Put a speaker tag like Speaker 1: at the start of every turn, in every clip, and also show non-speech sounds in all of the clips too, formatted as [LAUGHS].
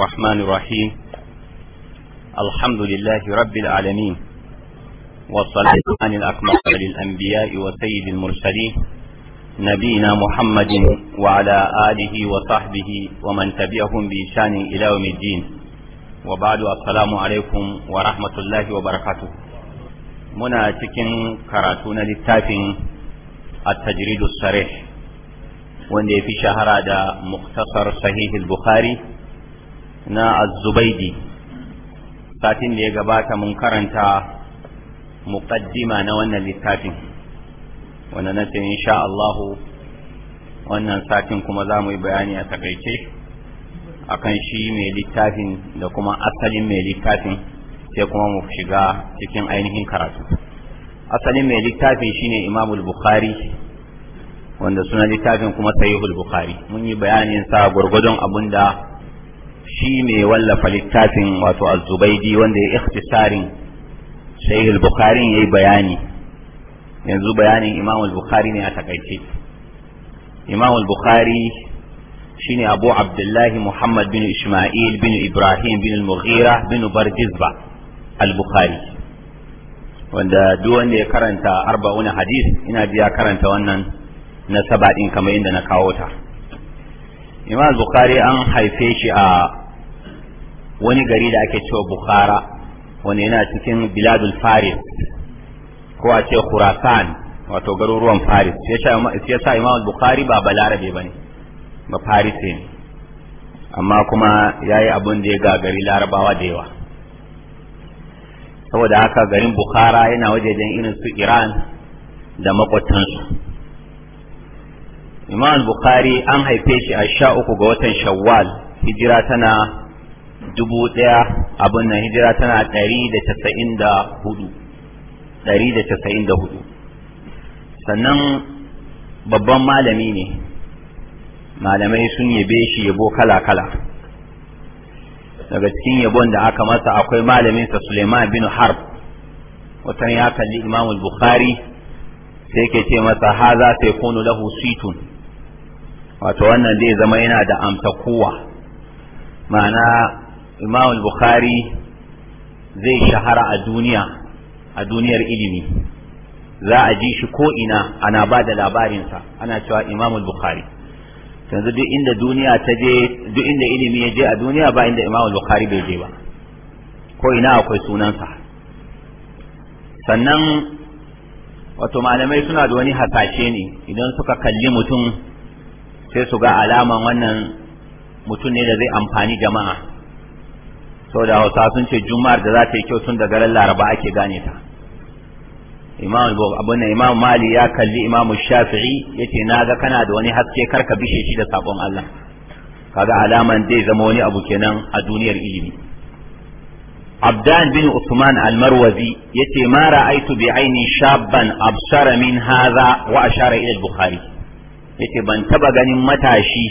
Speaker 1: الرحمن الرحيم الحمد لله رب العالمين والصلاة عن الأكمل للأنبياء وسيد المرسلين نبينا محمد وعلى آله وصحبه ومن تبعهم بإشان إلى يوم الدين وبعد السلام عليكم ورحمة الله وبركاته منا تكن كراتون للتافين التجريد الصريح وان في شهر هذا مختصر صحيح البخاري na az satin da ya gabata mun karanta muqaddima na wannan littafin wannan nace insha Allah wannan satin kuma za mu yi bayani a takaice akan shi mai littafin da kuma asalin mai littafin sai kuma mu shiga cikin ainihin karatu asalin mai littafin shine al bukhari wanda suna littafin kuma sahihul bukhari mun yi bayanin sa gurgudun abinda shi mai wallafa littafin wato al-Zubaidi wanda ya ikhtisarin sai al-bukhari yayi bayani yanzu bayanin imam al-bukhari ne a takaice imam al-bukhari shine abu abdullahi muhammad bin isma'il bin ibrahim bin al-mughira bin barjizba al-bukhari wanda duk wanda ya karanta arba'una hadis ina ji ya karanta wannan na saba din kamar inda na kawo ta imam al-bukhari an haife shi a wani gari da ake cewa bukhara wani yana cikin biladul faris ko a ce khurasan wato garuruwan faris ya sa imam bukhari ba balarabe ba ne ba faris ne amma kuma ya yi abin da ya ga gari larabawa da yawa saboda haka garin bukhara yana wajejen irin su iran da makwatansu imam bukhari an haife shi a sha uku ga watan shawwal hijira tana dubu ɗaya abin nan hijira tana ɗari da casa'in da hudu ɗari da casa'in da hudu sannan babban malami ne malamai sun yabe shi yabo kala-kala daga cikin yabon da aka masa akwai malaminsa suleiman bin harb watan ya kalli imamul bukhari sai ke ce masa haza sai kunu lahu situn wato wannan zai zama yana da amsa kowa ma'ana imam bukhari zai shahara a duniya a duniyar ilimi za a ji shi ko ina ana ba da labarinsa ana cewa imam al-bukhari yanzu duk inda duniya ta je duk inda ilimi ya je a duniya ba inda imam bukhari bai je ba ko ina akwai sunansa sannan wato malamai suna da wani hasashe ne idan suka kalli mutum sai su ga alaman wannan mutum ne da zai amfani jama'a da hausa sun ce juma'ar da za ta yi kyau tun da garin laraba ake gane ta imam abin imam mali ya kalli imam shafi'i ya ce na ga kana da wani haske karka bishe shi da sakon Allah kaga alaman zai zama wani abu kenan a duniyar ilimi abdan bin usman almarwazi ya yace ma ra'aitu bi aini shabban absara min haza wa ashara ila al-bukhari yace ban taba ganin matashi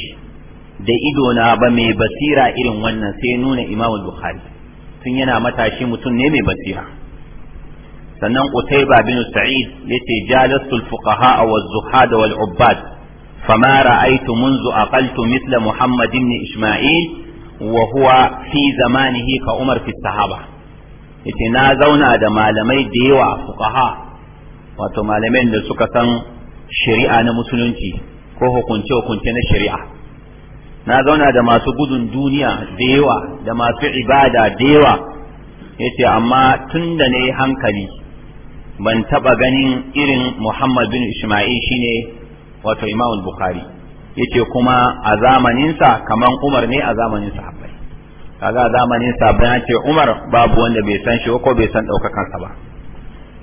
Speaker 1: da na ba mai basira irin wannan sai nuna imam bukhari tun yana matashi mutum ne mai basira sannan utaiba bin sa'id yace jalastu al-fuqaha wa az-zuhad wal ubbad fama ra'aytu منذ Muhammad Ibn Isma'il. Wahuwa إسماعيل وهو في زمانه Umar fi sahaba. yace na zauna da malamai da yawa fuqaha wato malamai da suka san shari'a na musulunci ko hukunce hukunce na shari'a na zauna da masu gudun duniya da yawa da masu ibada da yawa yace amma tun da ne hankali ban taba ganin irin Muhammad bin Isma'il shine wato Imam Bukhari yace kuma a zamaninsa kaman Umar ne a zamanin sahabbai kaga a zamanin sahabbai ce Umar babu wanda bai san shi ko bai san sa ba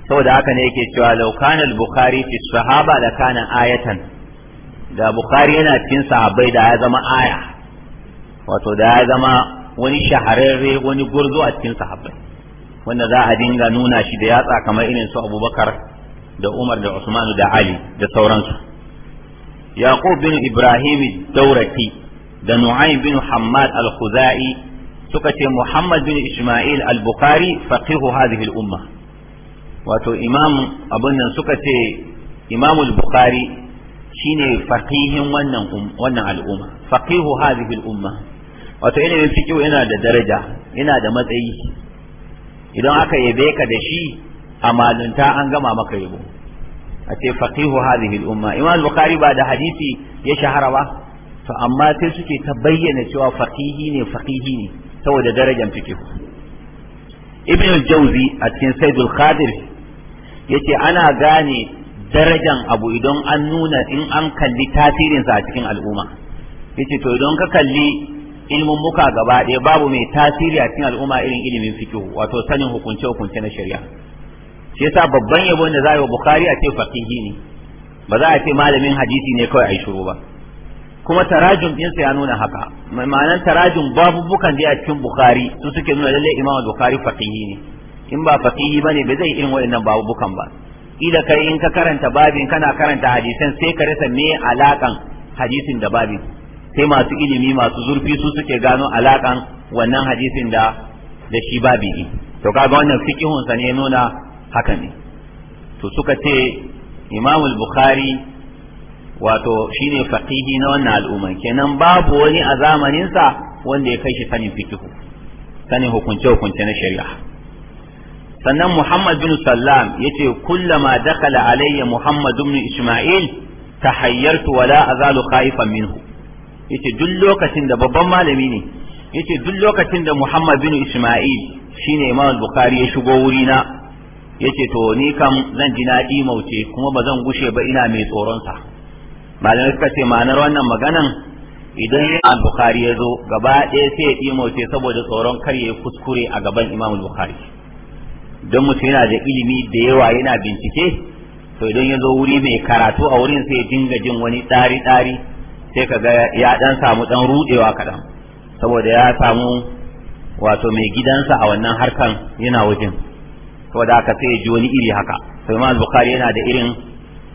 Speaker 1: saboda haka ne yake cewa law kana al-Bukhari fi sahaba la kana ayatan da bukari yana cikin sahabbai da ya zama aya wato da ya zama wani shahararre wani gurzo a cikin sahabbai wanda za a dinga nuna shi da yatsa kamar irin su abubakar da umar da usmanu da ali da sauransu yaqub bin ibrahim daurati da nu'aym bin hammad al-khuzai suka ce muhammad bin isma'il al-bukhari faqihu hadhihi al-umma wato imam abun nan suka ce imam al-bukhari shine faqihin wannan um, wannan al'umma faqihu hadhihi al'umma wato ilimin fiqh yana da daraja yana da matsayi idan aka yabe ka da shi a an gama maka yabo a ce faqihu hadhihi al'umma imam bukhari ba da hadisi ya shahara ba to amma sai suke ta bayyana cewa faqihi ne faqihi ne saboda darajar fikihu. ibn al-jawzi a cikin saidul ya yace ana gane darajan abu idan an nuna in an kalli tasirinsa a cikin al'umma yace to idan ka kalli ilmin muka gaba ɗaya babu mai tasiri a cikin al'umma irin ilimin fiqh wato sanin hukunce hukunce na shari'a shi yasa babban yabo da za a yi wa bukari a ce faqihi ne ba za a ce malamin hadisi ne kawai a yi shiru ba kuma tarajum ɗinsa ya nuna haka ma'anar tarajum babubukan da a cikin bukari su suke nuna lallai imam bukhari faqihi ne in ba faqihi bane ba zai irin waɗannan babubukan ba ila kai in ka karanta babin kana karanta hadisan sai ka rasa me alakan hadisin da babin sai masu ilimi masu zurfi su suke gano alakan wannan hadisin da da shi babi din to kaga wannan fikihun sa ne nuna haka ne to suka ce Imam al-Bukhari wato shine faqihi na wannan al'umma kenan babu wani a zamanin sa wanda ya kai shi sanin fikihu, sanin hukunce hukunce na shari'a sannan Muhammad bin Sallam ce kullama dakala alayya Muhammad bin Isma'il tahayyartu wala azalu khaifan minhu yace duk lokacin da babban malami ne yace duk lokacin da Muhammad bin Isma'il shine Imam Bukhari ya shigo wurina yace to ni kam zan ji nadi mauce kuma ba zan gushe ba ina mai tsoron sa malamai suka ce ma'anar wannan maganan idan Imam Bukhari ya zo gaba ɗaya sai ya ɗi mauce saboda tsoron kar ya kuskure a gaban Imam Bukhari don mutum yana da ilimi da yawa yana bincike to idan ya zo wuri mai karatu a wurin sai dinga jin wani ɗari ɗari sai ka ga ya dan samu ɗan ruɗewa kaɗan saboda ya samu wato mai gidansa a wannan harkan yana wajen saboda haka sai ji wani iri haka sai ma bukhari yana da irin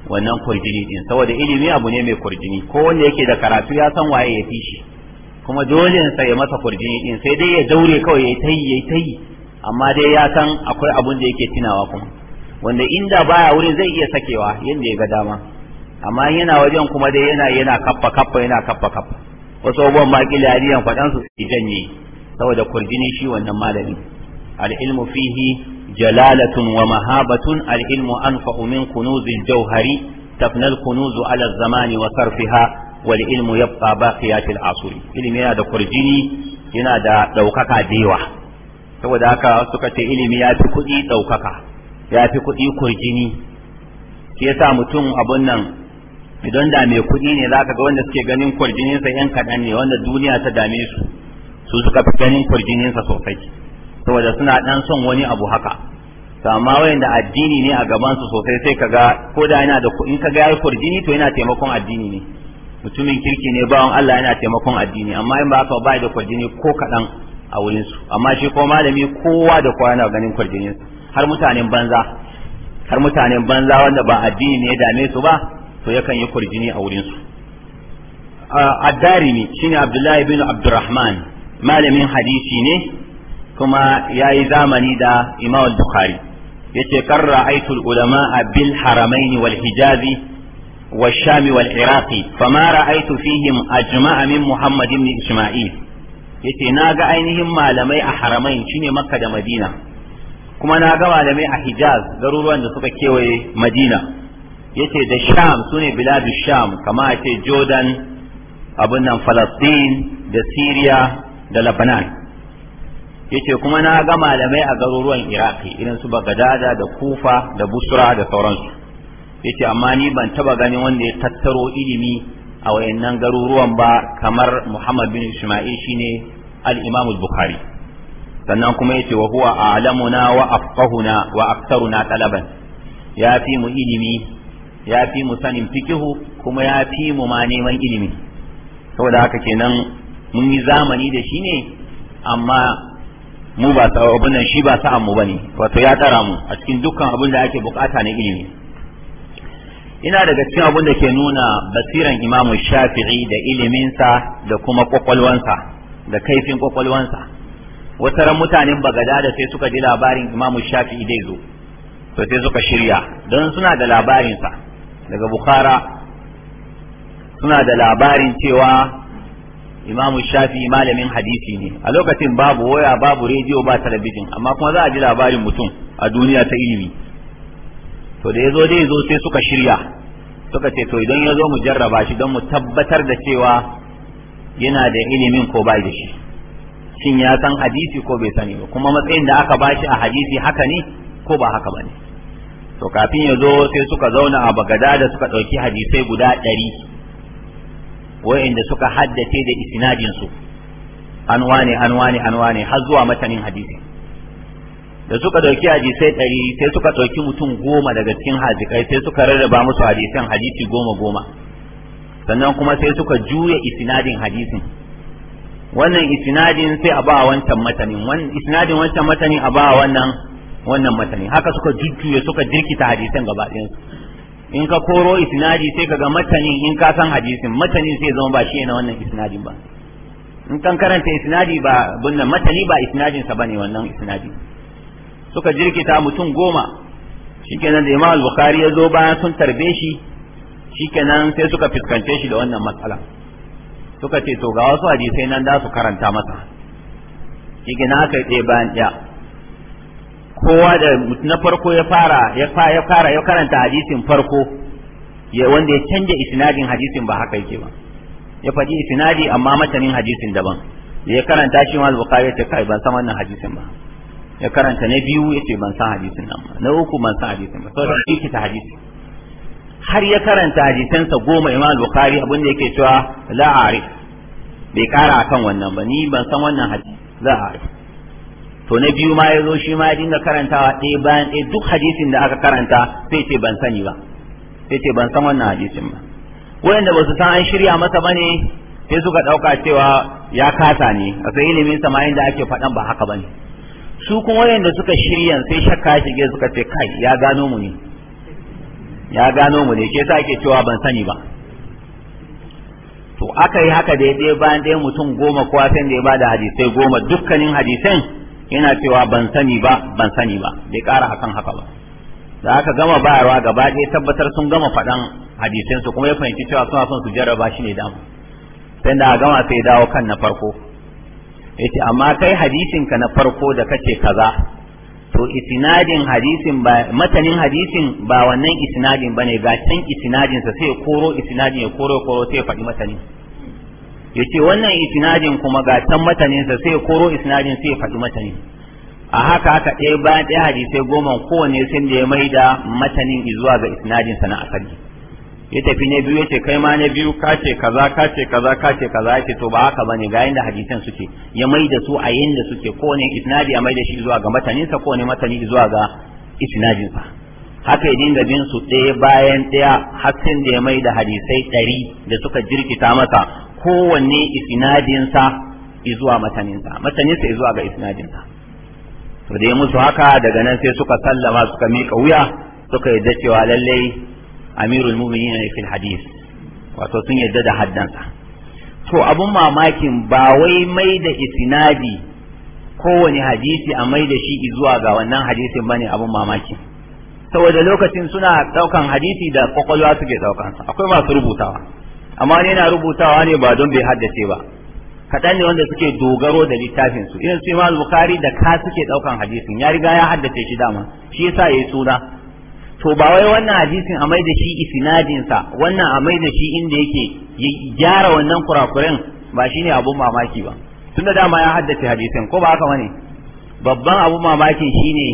Speaker 1: wannan kurjini din saboda ilimi abu ne mai kurjini ko wanda yake da karatu ya san waye ya fi shi kuma dole sai ya masa kurjini din sai dai ya daure kawai ya yi ta yi ya yi ta yi amma dai ya san akwai abun da yake tunawa kuma wanda inda baya wuri zai iya sakewa yadda ya ga dama amma yana wajen kuma dai yana yana kaffa kaffa yana kaffa kaffa wasu abubuwan ma kila yariyan faɗan su su janye saboda kurjini shi wannan malami al-ilmu fihi jalalatun wa mahabatun al-ilmu anfa'u min kunuzil jawhari tafna al-kunuzu ala zamani wa sarfiha wal ilmu yabqa baqiyatil asuri ilmi yana da kurjini yana da daukaka da saboda haka suka ce ilimi ya fi kuɗi ɗaukaka ya fi kuɗi kurjini shi yasa mutum abun nan idan da mai kuɗi ne za ka ga wanda suke ganin kurjininsa yan kaɗan ne wanda duniya ta dame su su suka fi ganin kurjininsa sosai saboda suna ɗan son wani abu haka amma da addini ne a gabansu sosai sai ka ga ko da yana da in ka ga yayi kurjini to yana taimakon addini ne mutumin kirki ne bawan Allah yana taimakon addini amma in ba ka ba da kurjini ko kaɗan a wurin su amma shi ko malami kowa da kowa yana ganin kwarjinin har mutanen banza har mutanen banza wanda ba addini ne ya dame su ba to yakan yi kwarjini a wurin su addarimi shine abdullahi bin abdurrahman malamin hadisi ne kuma ya yi zamani da imam bukhari ce kar ra'aitul ulama bil haramaini wal hijazi والشام والعراق فما ra'aitu فيهم أجمع من محمد بن إسماعيل yace na ga ainihin malamai a haramain shine makka da madina kuma na ga malamai a hijaz garuruwan da suka kewaye madina yace da sham sune biladu sham kama a ce jordan abin nan falastin da syria da lebanon yace kuma na ga malamai a garuruwan iraki irin su bagadada da kufa da busra da sauransu yace amma ni ban taba ganin wanda ya tattaro ilimi a wayannan garuruwan ba kamar Muhammad bin Ismail shine al-Imam bukhari sannan kuma yace wa huwa a'lamuna wa afqahuna wa aktaruna talaban ya fi mu ilimi ya fi mu sanin fikihu kuma ya fi mu ma neman ilimi saboda haka kenan mun yi zamani da shi ne amma mu ba abin nan shi ba sa'an mu bane wato ya tara mu a cikin dukkan abin da ake bukata na ilimi ina daga cikin abin da ke nuna basiran imamu shafi'i da iliminsa da kuma kwakwalwansa da kaifin kwakwalwansa ran mutanen bagada da sai suka ji labarin imamu shafi'i dai zo to sai suka shirya don suna da labarinsa daga bukhara suna da labarin cewa imamu shafi malamin hadisi ne a lokacin babu waya babu rediyo ba talabijin amma kuma za a ji labarin mutum a duniya ta ilimi to da ya zo dai zo sai suka shirya suka ce to idan ya zo mu jarraba shi don mu tabbatar da cewa yana da ilimin ko bai da shi shin ya san hadisi ko bai sani ba kuma matsayin da aka bashi a hadisi haka ne ko ba haka bane to kafin ya zo sai suka zauna a bagada da suka ɗauki hadisai guda ɗari wa'inda suka haddace da isnadin su an wane an wane an wane har zuwa matanin hadisi da suka ɗauki hadisai ɗari sai suka ɗauki mutum goma daga cikin hazikai sai suka rarraba musu hadisan hadisi goma goma sannan kuma sai suka juya isnadin hadisin wannan isnadin sai a ba wancan matanin wannan isnadin wancan matanin a ba wannan wannan matanin haka suka jujjuya suka jirkita hadisan gaba ɗayan in ka koro isnadi sai kaga matanin in ka san hadisin matanin sai zama ba shi ne wannan isnadin ba in kan karanta isnadi ba wannan matani ba isnadin sa bane wannan isnadi suka jirkita mutum goma shikenan da Imam Bukhari ya zo bayan sun tarbe shi shikenan sai suka fiskance shi da wannan matsala suka ce to ga wasu hadisai nan da su karanta masa shikenan aka yi ɗaya bayan ɗaya kowa da na farko ya fara ya fara ya karanta hadisin farko ya wanda ya canja isnadin hadisin ba haka yake ba ya faɗi isnadi amma matanin hadisin daban ya karanta shi ma al-bukhari ya ce kai ban san wannan hadisin ba ya karanta na biyu ya ce ban san hadisin nan ba na uku ban san hadisin ba saboda shi ta hadisi har ya karanta hadisansa goma imam bukhari abin da yake cewa la bai kara akan wannan ba ni ban san wannan hadisi la arif to na biyu ma ya zo shi ma ya dinga karantawa ɗaya bayan ɗaya duk hadisin da aka karanta sai ce ban sani ba sai ce ban san wannan hadisin ba wanda ba su san an shirya masa ba ne sai suka ɗauka cewa ya kasa ne a sai ilimin samayin da ake faɗan ba haka ba ne su kuma wanda suka shirya sai shakka shige suka ce kai ya gano mu ne ya gano mu ne ke sa ake cewa ban sani ba to aka yi haka da ɗaya bayan ɗaya mutum goma kowa sai da ya bada hadisai goma dukkanin hadisan yana cewa ban sani ba ban sani ba bai ƙara hakan haka ba da aka gama bayarwa gaba ɗaya tabbatar sun gama faɗan hadisan su kuma ya fahimci cewa suna son su jarraba shi ne damu sai da gama sai dawo kan na farko yace amma kai hadisin ka na farko da kace kaza to isnadin hadisin ba matanin hadisin ba wannan isnadin bane ga can isnadin sa sai koro isnadin ya koro koro sai faɗi matanin yace wannan isnadin kuma ga can matanin sa sai koro isnadin sai faɗi matanin a haka haka ɗaya bayan ɗaya hadisai goma kowanne sai da ya maida matanin zuwa ga isnadin sa na asali ya tafi na biyu yace kai ma na biyu ka ce kaza ka ce kaza ka ce kaza yace to ba haka bane ga yanda hadisan suke ya mai da su a yanda suke ko ne isnadi a mai da shi zuwa ga matanin sa ko ne matani zuwa ga isnadin sa haka ya dinga bin su ɗaya bayan ɗaya har sai da ya mai da hadisai ɗari da suka jirkita masa kowanne isnadin sa zuwa matanin sa matanin sa zuwa ga isnadin sa to da ya musu haka daga nan sai suka sallama suka mika wuya suka yadda cewa lallai amiru mu'minin ne fil hadith wato sun yadda da haddansa to abun mamakin ba wai mai da isinadi kowane hadisi a mai da shi zuwa ga wannan hadisin bane abun mamakin saboda lokacin suna daukan hadisi da kwakwalwa suke daukan akwai masu rubutawa amma ne na rubutawa ne ba don bai haddace ba kaɗan ne wanda suke dogaro da littafin su irin su imam bukhari da ka suke daukan hadisin ya riga ya haddace shi dama shi yasa yayi suna to ba wai wannan hadisin a maida shi isnadinsa wannan a maida shi inda yake gyara wannan kurakuren ba shine abun mamaki ba tun da dama ya haddace hadisin ko ba haka bane babban abun mamakin shine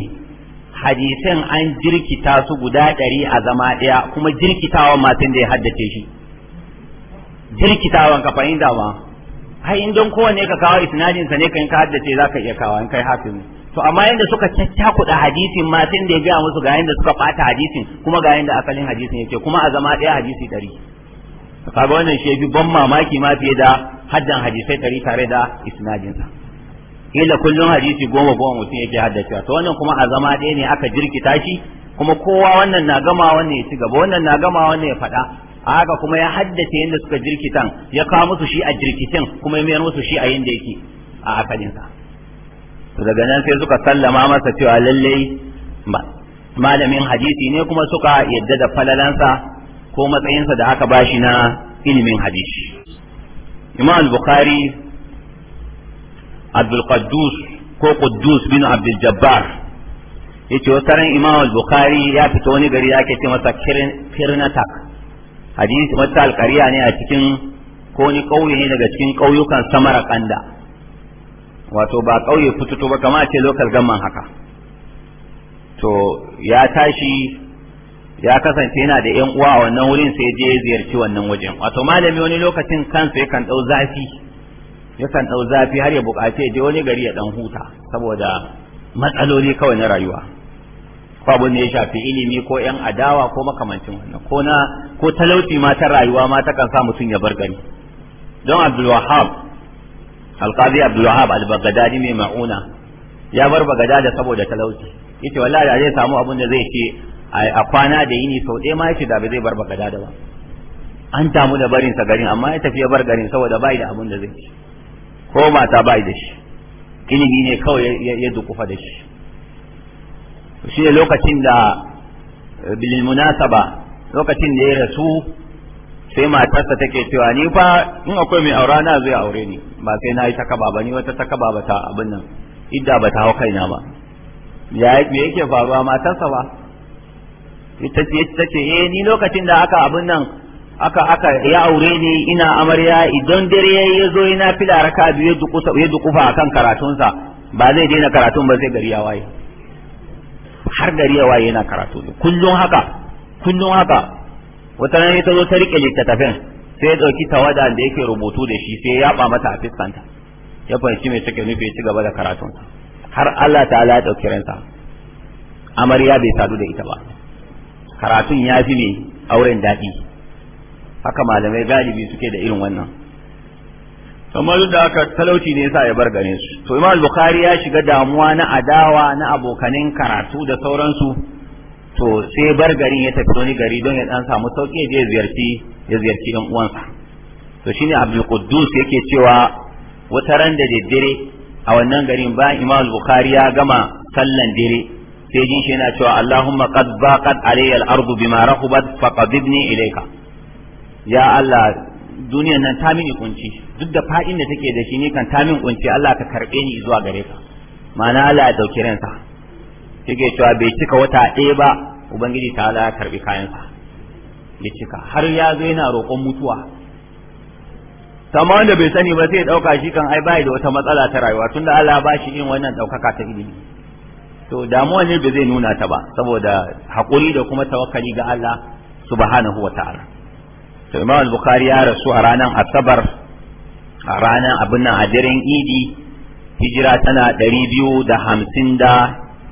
Speaker 1: hadisan an jirkita su guda ɗari a zama ɗaya kuma jirkitawan matan da ya haddace shi jirkitawan ka fahimta ma ai in don kowane ka kawo isnadinsa ne ka in ka haddace za ka iya kawo in kai hafi ne. to amma yanda suka caccakuɗa hadisin ma sai da ya gaya musu ga yanda suka ɓata hadisin kuma ga yanda asalin hadisin yake kuma a zama ɗaya hadisi ɗari kaga wannan shi yafi ban mamaki ma fiye da haddan hadisai ɗari tare da isnadinsa ila kullum hadisi goma goma mutum yake haddacewa to wannan kuma a zama ɗaya ne aka jirkita shi kuma kowa wannan na gama wannan ya ci gaba wannan na gama wannan ya faɗa a haka kuma ya haddace yadda suka jirkitan ya kawo musu shi a jirkitin kuma ya mayar musu shi a yanda yake a asalinsa daga nan sai suka sallama masa cewa lalle malamin hadisi ne kuma suka yadda da falalansa ko matsayinsa da aka bashi na ilimin hadisi imam al-bukhari abdul qaddus ko quddus bin abdul jabbar yace wata ran imam al-bukhari ya fito wani gari ake ce masa kirnatak hadisi wata alƙarya ne a cikin ko ni ƙauye ne daga cikin ƙauyukan samara kanda wato ba ƙauye fitoto ba kama ce lokal gamman haka to ya tashi ya kasance yana da yan uwa a wannan wurin sai je ziyarci wannan wajen wato malami wani lokacin kansa yakan dau zafi yakan ɗau zafi har ya buƙaci ya je wani gari ya dan huta saboda matsaloli kawai na rayuwa ko abin da ya shafi ilimi ko yan adawa ko makamancin wannan ko na ko talauci ma ta rayuwa ma ta kan sa mutum ya bar gari don abdulwahab alqazi abdul wahab al-baghdadi mai mauna ya bar bagdada saboda talauci yace wallahi zai samu abin da zai ce a kwana da yini sau ɗaya ma yace da bai zai bar bagdada ba an tamu da barin sa garin amma ya tafi ya bar garin saboda bai da abin da zai ci ko mata bai da shi ilimi ne kawai ya dukufa da shi shi ne lokacin da eh, munasaba lokacin da ya rasu sai matarsa take cewa ni fa in akwai mai aura na zai aure ni ba sai na yi ta kaba ba ni wata ta kaba ba ta abin nan idda ba ta hau kaina ba ya me yake faruwa matarsa ba ita ce ita ce eh ni lokacin da aka abin nan aka aka ya aure ni ina amarya idan dare yayi ya zo ina fila raka biyu dukusa ya dukufa akan karatunsa ba zai daina karatun ba sai gari ya waye har gari ya waye yana karatu kullun haka kullun haka wata rana ta zo ta rike littattafin sai ya dauki tawada da yake rubutu da shi sai ya yaba mata a fiskanta ya fahimci mai take nufi ya ci gaba da karatun har Allah ta ya dauki ransa amarya bai sadu da ita ba karatun ya fi ne auren daɗi haka malamai galibi suke da irin wannan amma duk da haka talauci ne yasa ya bar gare su to imam bukhari ya shiga damuwa na adawa na abokanin karatu da sauransu to sai bar garin ya tafi wani gari don ya dan samu sauki je ziyarci ya ziyarci dan uwansa to shine Abdul Quddus yake cewa wata ran da daddare a wannan garin bayan Imam Bukhari ya gama sallan dare sai jin shi yana cewa Allahumma qad baqat alayya al-ardu bima rahubat faqadibni ilayka ya Allah duniyan nan ta mini kunci duk da fadin da take da shi ne kan ta min kunci Allah ka karbe ni zuwa gare ka ma'ana Allah ya dauki ransa yake cewa bai cika wata ɗaya ba ubangiji ta ala ya karbi kayansa ya cika har ya zo yana roƙon mutuwa sama da bai sani ba sai ɗauka shi kan ai bai da wata matsala ta rayuwa tunda Allah ba shi yin wannan ɗaukaka ta ilimi to damuwa ne bai zai nuna ta ba saboda haƙuri da kuma tawakkali ga Allah subhanahu wa ta'ala to Imam bukhari ya rasu a ranar Asabar a ranar abin nan a daren Idi hijira tana ɗari biyu da hamsin da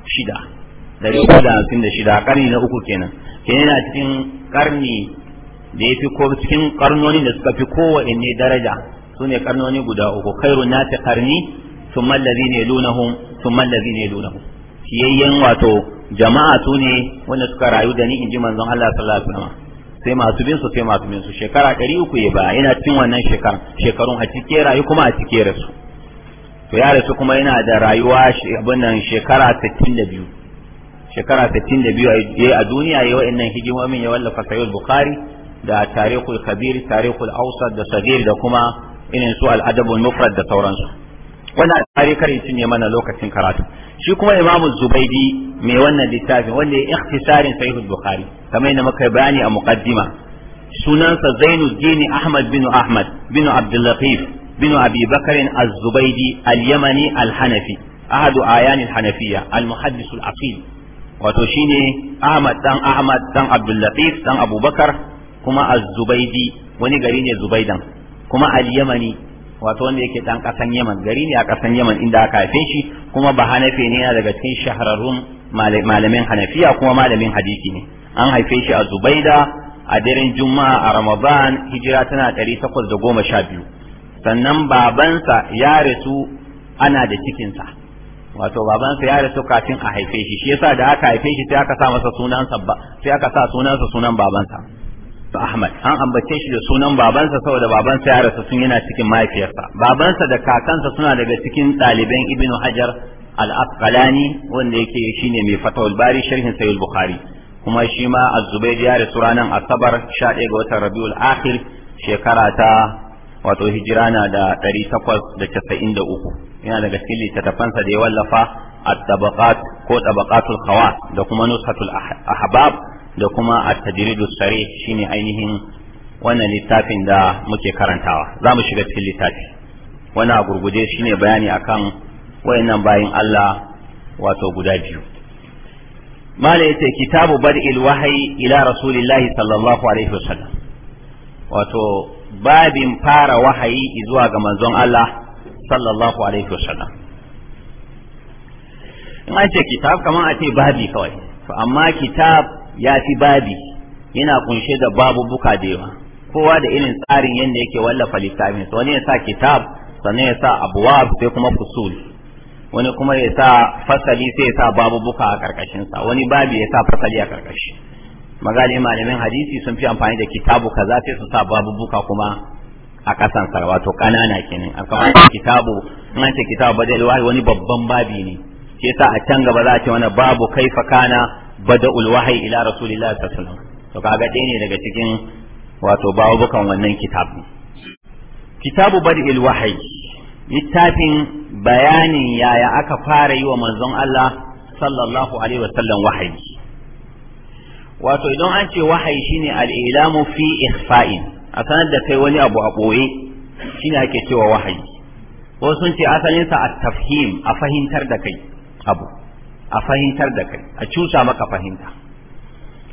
Speaker 1: shida dari uku da hamsin da shida karni na uku kenan kenan yana cikin karni da ya fi ko cikin karnoni da suka fi kowanne daraja su ne karnoni guda uku na ta karni ne lunahun sun mallazi ne lunahun fiyayyen wato jama'a su ne wanda suka rayu da ni in ji manzon Allah sallallahu alaihi wasallam sai masu bin su sai masu bin su shekara ɗari uku ya ba yana cikin wannan shekara shekarun a cikin rayu kuma a cikin rasu to ya rasu kuma yana da rayuwa abin nan shekara 62 shekara 62 yayi a duniya yayi wa'annan hijimomin ya wallafa sahih bukhari da tarihul kabir tarihul awsat da sagir da kuma irin su al-adabul mufrad da sauransu wannan tarikar ya cinye mana lokacin karatu shi kuma imam zubaidi mai wannan littafin wanda ya ikhtisarin sahih bukhari kamar yadda muka bayani a muqaddima sunansa Zainuddin Ahmad bin Ahmad bin Abdullatif bin Abi Bakr az-Zubaydi al-Yamani al-Hanafi ahadu ayan hanafiyya al-muhaddis al wato shine Ahmad dan Ahmad dan Abdul Latif dan Abubakar kuma Az-Zubaydi wani gari ne Zubaidan kuma Al-Yamani wato wanda yake dan kasan Yaman gari ne a kasan Yaman inda aka haife shi kuma ba Hanafi ne yana daga cikin shahararrun malamin Hanafiya kuma malamin hadisi ne an haife shi a Zubaida a daren Juma'a a Ramadan hijira tana 812 sannan babansa ya rasu ana da cikinsa wato babansa ya rasu kafin a haife shi shi yasa da aka haife shi sai aka sa masa sunan ba sai aka sa sunansa sunan babansa to Ahmad an ambace shi da sunan babansa saboda babansa ya rasu sun yana cikin mahaifiyarsa babansa da kakansa suna daga cikin ɗaliban Ibn Hajar al-Asqalani wanda yake shine mai Fatawul Bari sharhin Sahih Bukhari kuma shi ma Az-Zubayr ya rasu ranar Asabar 11 ga watan Rabiul Akhir shekara ta wato hijira na da ɗari takwas da casa'in da uku yana daga cikin littattafansa da ya wallafa a tabaqat ko tabaqatul khawas da kuma nushatul ah-, ahbab da kuma at sare sarih shine ainihin wannan littafin da muke karantawa za mu shiga cikin littafi wani a gurguje shine bayani akan wayannan bayin Allah wato guda biyu mala yace kitabu bad'il wahyi ila rasulillahi sallallahu alaihi wasallam wato babin fara wahayi izuwa ga manzon Allah sallallahu alaihi wasallam in an ce kitab kamar a ce babi kawai to amma kitab ya fi babi yana kunshe da buka da yawa kowa da irin tsarin yadda yake wallafa littafin wani ya sa kitab sannan ya sa abuwab sai kuma fusul wani kuma ya sa fasali sai ya sa buka a sa wani babi ya sa fasali a karkashi magali malamin hadisi sun fi amfani da kitabu kaza sai su sa babu buka kuma a kasan sarawa to kanana kenan a kamar kitabu in an ce kitabu badal wahi wani babban babi ne ke sa a can gaba za a ce wani babu kaifa kana bada'ul wahi ila rasulillahi sallallahu alaihi wasallam to kaga ɗaya ne daga cikin wato babu bukan wannan kitabu kitabu badal wahi littafin bayanin yaya aka fara yi wa manzon Allah sallallahu alaihi wasallam wahayi wato idan an ce wahayi shine al'ilamu fi ikhfa'in a sanar da kai wani abu a ɓoye shine ake cewa wahayi wasu sun ce asalinsa a tafhim a fahimtar da kai abu a fahimtar da kai a cusa maka fahimta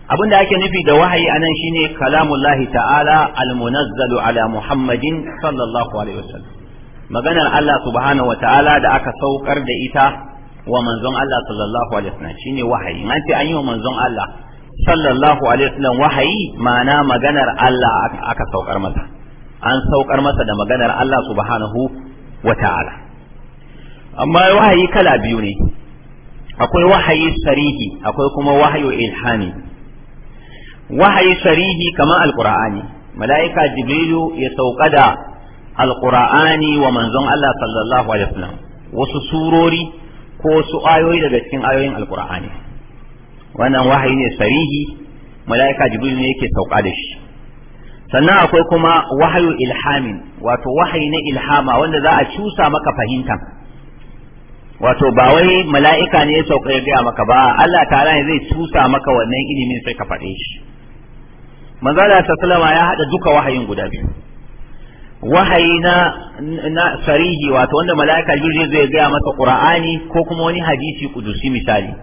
Speaker 1: abin da ake nufi da wahayi a nan shine kalamullahi ta'ala al ala muhammadin sallallahu alaihi wasallam maganar Allah subhanahu wa ta'ala da aka saukar da ita wa manzon Allah sallallahu alaihi wasallam shine wahayi an ce an yi wa manzon Allah sallallahu alaihi wasallam wahayi ma'ana maganar Allah aka saukar masa an saukar masa da maganar Allah subhanahu wata'ala amma wahayi kala biyu ne akwai wahayi sarihi akwai kuma wahayu ilhami wahayi sarihi kamar alqur'ani mala'ika jibrilu ya sauka da alqur'ani wa manzon Allah sallallahu alaihi wasallam wasu surori ko su ayoyi daga cikin ayoyin alqur'ani wannan wahayi ne sarihi mala'ika jibril ne yake sauka da shi sannan akwai kuma wahayu ilhamin wato wahayi na ilhama wanda za a cusa maka fahimta wato ba wai mala'ika ne ya sauka ya gaya maka ba Allah ta'ala ne zai cusa maka wannan ilimin sai ka faɗe shi manzo sallama ya hada duka wahayin guda biyu wahayi na na sarihi wato wanda mala'ika jibril zai gaya masa qur'ani ko kuma wani hadisi kudusi misali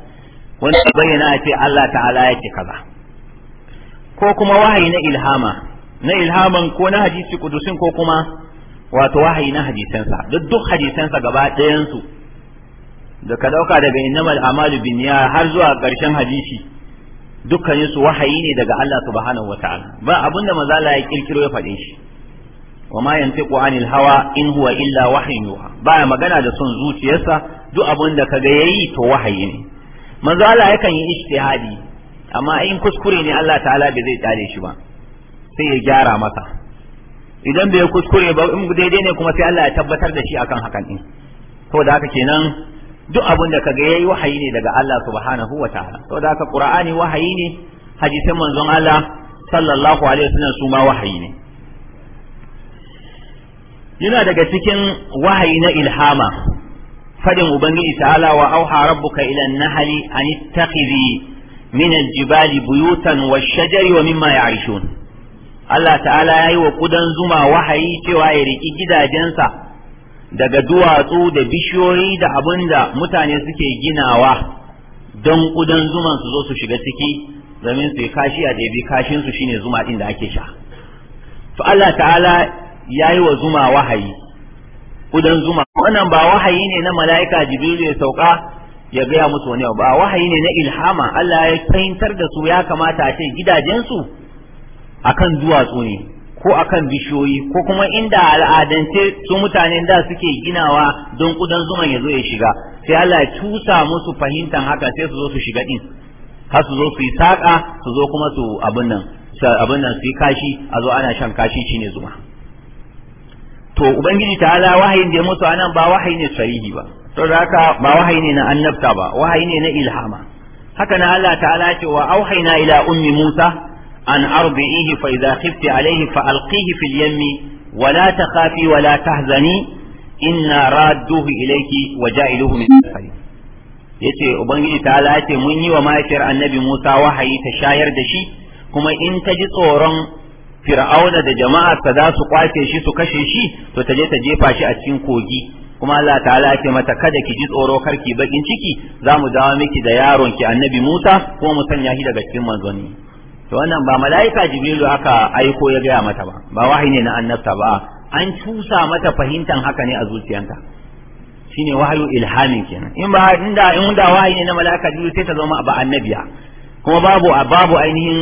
Speaker 1: wanda bayyana a ce Allah ta'ala ya ce kaza ko kuma wahayi na ilhama na ilhaman ko na hadisi kudusin ko kuma wato wahayi na hadisansa duk duk hadisansa gaba ɗayansu da ka ɗauka daga innamal amalu biniya har zuwa ƙarshen hadisi dukkanin su wahayi ne daga Allah subhanahu wataala ba abin da maza ya kirkiro ya faɗe shi wa ma yantiqu anil hawa in huwa illa wahyun yuha ba magana da son zuciyarsa duk abin da kaga yayi to wahayi ne manzo Allah yakan yi ijtihadi amma in kuskure ne Allah ta'ala bai zai tsare shi ba sai ya gyara masa idan bai kuskure ba in daidai ne kuma sai Allah ya tabbatar da shi akan hakan din da haka kenan duk abin da kaga yayi wahayi ne daga Allah subhanahu wataala da haka Qur'ani wahayi ne hadisin manzon Allah sallallahu alaihi wasallam su ma wahayi ne yana daga cikin wahayi na ilhama fadin ubangiji ta'ala wa auha rabbuka ila nahali an ittakhidhi min aljibali buyutan wash-shajari wa mimma ya'rishun Allah ta'ala yayi wa kudan zuma wahayi cewa ya riki gidajensa daga duwatsu da bishiyoyi da abinda mutane suke ginawa don kudan zuman su zo su shiga ciki domin su yi kashi a ɗebi kashin su shine zuma din da ake sha to Allah ta'ala yayi wa zuma wahayi kudan zuma wannan ba wahayi ne na mala'ika jibril ya sauka ya gaya musu wani ba wahayi ne na ilhama Allah ya fahimtar da su ya kamata a ce gidajensu akan duwatsu ne ko akan bishiyoyi ko kuma inda al'adance su mutane da suke ginawa don kudan zuma ya zo ya shiga sai Allah ya tusa musu fahimtar haka sai su zo su shiga din har su zo su yi saƙa su zo kuma su abin nan abin nan su yi kashi a zo ana shan kashi shine zuma to ubangiji ta'ala wahayin da ya musu anan ba wahayi ne sarihi ba to da haka ba wahayi ne na annabta ba wahayi ne na ilhama haka na Allah ta'ala ce wa auhayna ila ummi Musa an arbi'ihi fa idza khifti alayhi fa alqihi fil yammi wa la takhafi wa la tahzani inna radduhu ilayki wa ja'iluhu min al yace ubangiji ta'ala ce mun yi wa mahaifiyar annabi Musa wahayi ta shayar da shi kuma in ta ji tsoron fir'auna da jama'arsa za su kwace shi su kashe shi to ta je ta jefa shi a cikin kogi kuma Allah ta'ala ya ce mata kada ki ji tsoro kar ki bakin ciki za mu dawo miki da yaron ki annabi Musa ko mu sanya shi daga cikin manzoni to wannan ba mala'ika Jibrilu aka aiko ya gaya mata ba ba wahayi ne na annabta ba an cusa mata fahimtan haka ne a zuciyanta shine wahayu ilhamin kenan in ba inda in da wahayi ne na mala'ika Jibrilu sai ta zama ba annabiya kuma babu babu ainihin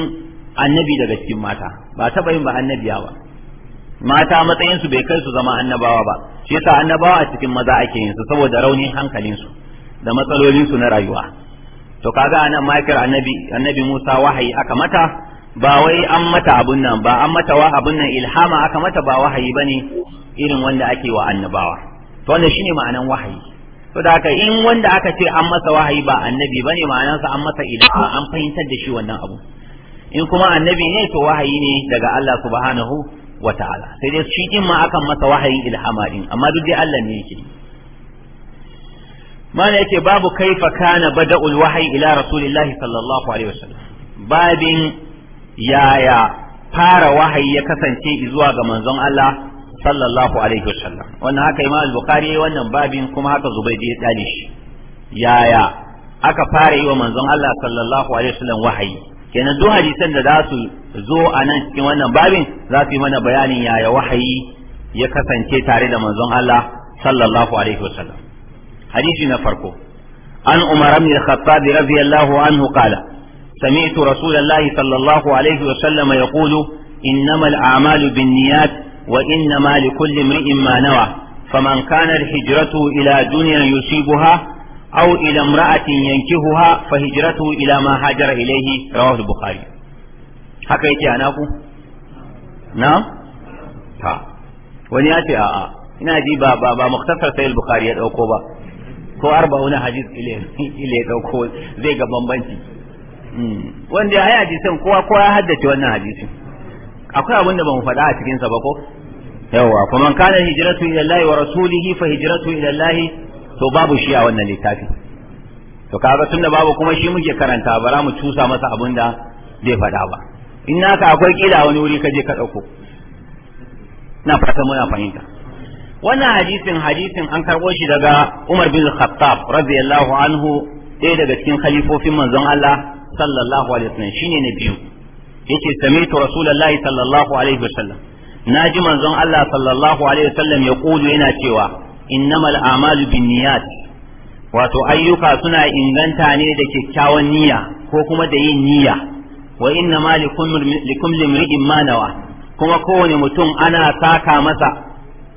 Speaker 1: annabi daga cikin mata ba taɓa yin ba annabiya ba mata matsayinsu bai kai su zama annabawa ba shi yasa annabawa a cikin maza ake yin su saboda raunin hankalinsu da matsalolinsu na rayuwa to kaga anan makir annabi annabi Musa wahayi aka mata ba wai an mata abun nan ba an mata wa abun nan ilhama aka mata ba wahayi bane irin wanda ake wa annabawa to wannan shine ma'anan wahayi to da haka in wanda aka ce an masa wahayi ba annabi bane ma'anansa an masa ilhama an fahimtar da shi wannan abu in kuma annabi ne to wahayi ne daga Allah subhanahu wa ta'ala sai dai shi din ma akan masa wahayin ilhama din amma duk dai Allah ne yake mana yake babu kaifa kana bada'ul wahyi ila rasulillahi sallallahu alaihi wasallam babin yaya fara wahayi ya kasance zuwa ga manzon Allah sallallahu alaihi wasallam wannan haka imam al-bukhari wannan babin kuma haka zubaidi ya shi. yaya aka fara yi wa manzon Allah sallallahu alaihi wasallam wahayi kenan duk hadisan da za su zo a nan cikin wannan babin za su yi mana bayanin yaya wahayi ya kasance tare da manzon Allah sallallahu alaihi wasallam hadisi na farko an umar ibn al-khattab radiyallahu anhu qala sami'tu rasulullahi sallallahu alaihi wasallam yaqulu innama al-a'malu binniyat wa innama likulli imri'in ma nawa faman kana hijratu ila dunyan yusibuha aw ila imra'atin yankihuha fa hijratuhu ila ma hajara ilayhi rawahu al-bukhari haka yake ana ku na ta wani ya ce a'a ina ji ba ba ba muktasar sai al-bukhari ya dauko ba ko arba'una hadis ile ile ya dauko zai ga bambanci wanda ya hadisin kowa kowa ya haddace wannan hadisin akwai abin da mu faɗa a cikin sa ba ko yawa kuma kana hijratu ila Allah wa rasulihi fa hijratu ila Allah to babu shi a wannan littafi to kaga tunda babu kuma shi muke karanta ba za mu cusa masa abin da zai faɗa ba in naka akwai kila wani wuri kaje ka ɗauko na fata muna fahimta wannan hadisin hadisin an karɓo shi daga Umar bin Khattab radiyallahu anhu ɗaya daga cikin khalifofin manzon Allah sallallahu alaihi wasallam shine na biyu yace sami'tu rasulullahi sallallahu alaihi wasallam naji manzon Allah sallallahu alaihi wasallam ya yana cewa innamal amalu niyat wato ayyuka suna inganta ne da kyakkyawan niyya ko kuma da yin niyya wa inna ma likulli imri'in ma nawa kuma kowane mutum ana saka masa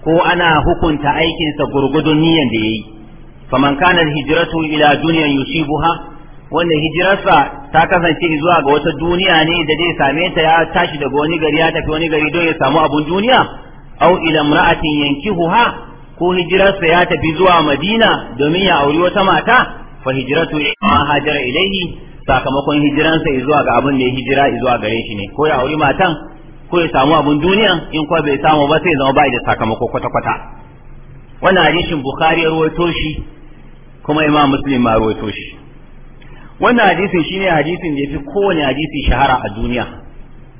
Speaker 1: ko ana hukunta aikinsa gurgudun niyyan da yayi faman kana hijratu ila dunyan yusibuha wanda hijirarsa ta kasance zuwa ga wata duniya ne da zai same ta ya tashi daga wani gari ya tafi wani gari don ya samu abun duniya au ila imra'atin yankihuha ko hijirarsa ya tafi zuwa madina domin ya auri wata mata fa hijiratu ma hajara ilaihi sakamakon hijiransa zuwa ga abin da ya hijira zuwa gare shi ne ko ya auri matan ko ya samu abin duniya in ko bai samu ba sai zama bai da sakamako kwata kwata wannan hadisin bukhari ya ruwaito shi kuma imam muslim ma ruwaito shi wannan hadisin shine hadisin da yafi kowane hadisi shahara a duniya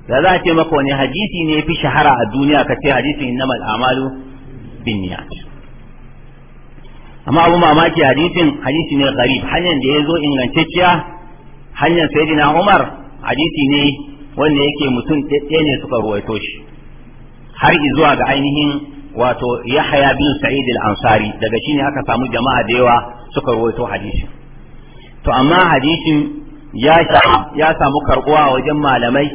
Speaker 1: da za a ce maka wani hadisi ne yafi shahara a duniya ka ce hadisin innamal a'malu binniyat amma abu mamaki hadisin hadisi ne gharib hanyar da ya zo ingantacciya hanyar saidina Umar hadisi ne wanda yake mutum ɗaya ne suka ruwaito shi har zuwa ga ainihin wato Yahya bin Sa'id al-Ansari daga shi ne aka samu jama'a da yawa suka ruwaito hadisin to amma hadisin ya ya samu karbuwa a wajen malamai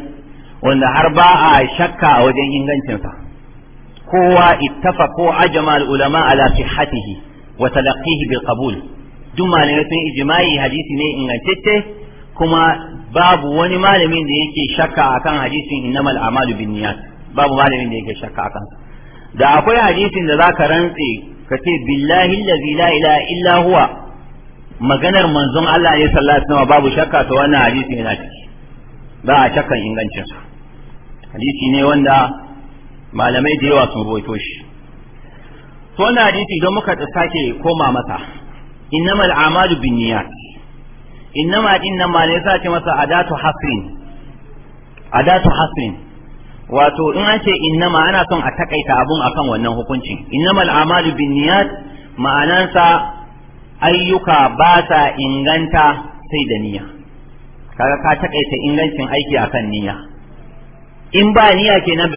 Speaker 1: wanda har ba a shakka a wajen ingancinsa kowa ittafaqu ko ajama ulama ala sihhatihi wa talaqihi bil qabul duk malamai sun ijma'i hadisi ne ingantacce kuma babu wani malamin da yake shakka akan hadisin innamal a'malu binniyat babu malamin da yake shakka akan da akwai hadisin da zaka rantse ka ce billahi allazi la ilaha illa huwa maganar manzon Allah ne sallallahu alaihi wasallam babu shakka to wannan hadisi yana ciki ba a shakkan ingancin hadisi ne wanda malamai da yawa sun rawaito shi to wannan hadisi don muka sake koma masa innamal a'malu binniyat innama din nan ne yasa ce masa adatu hasrin adatu hasrin wato in an ce innama ana son a takaita abun akan wannan hukuncin innamal a'malu binniyat ma'anansa ayyuka ba sa inganta sai da niyya kaga ka takaita ingancin aiki akan niyya in ba niyya kenan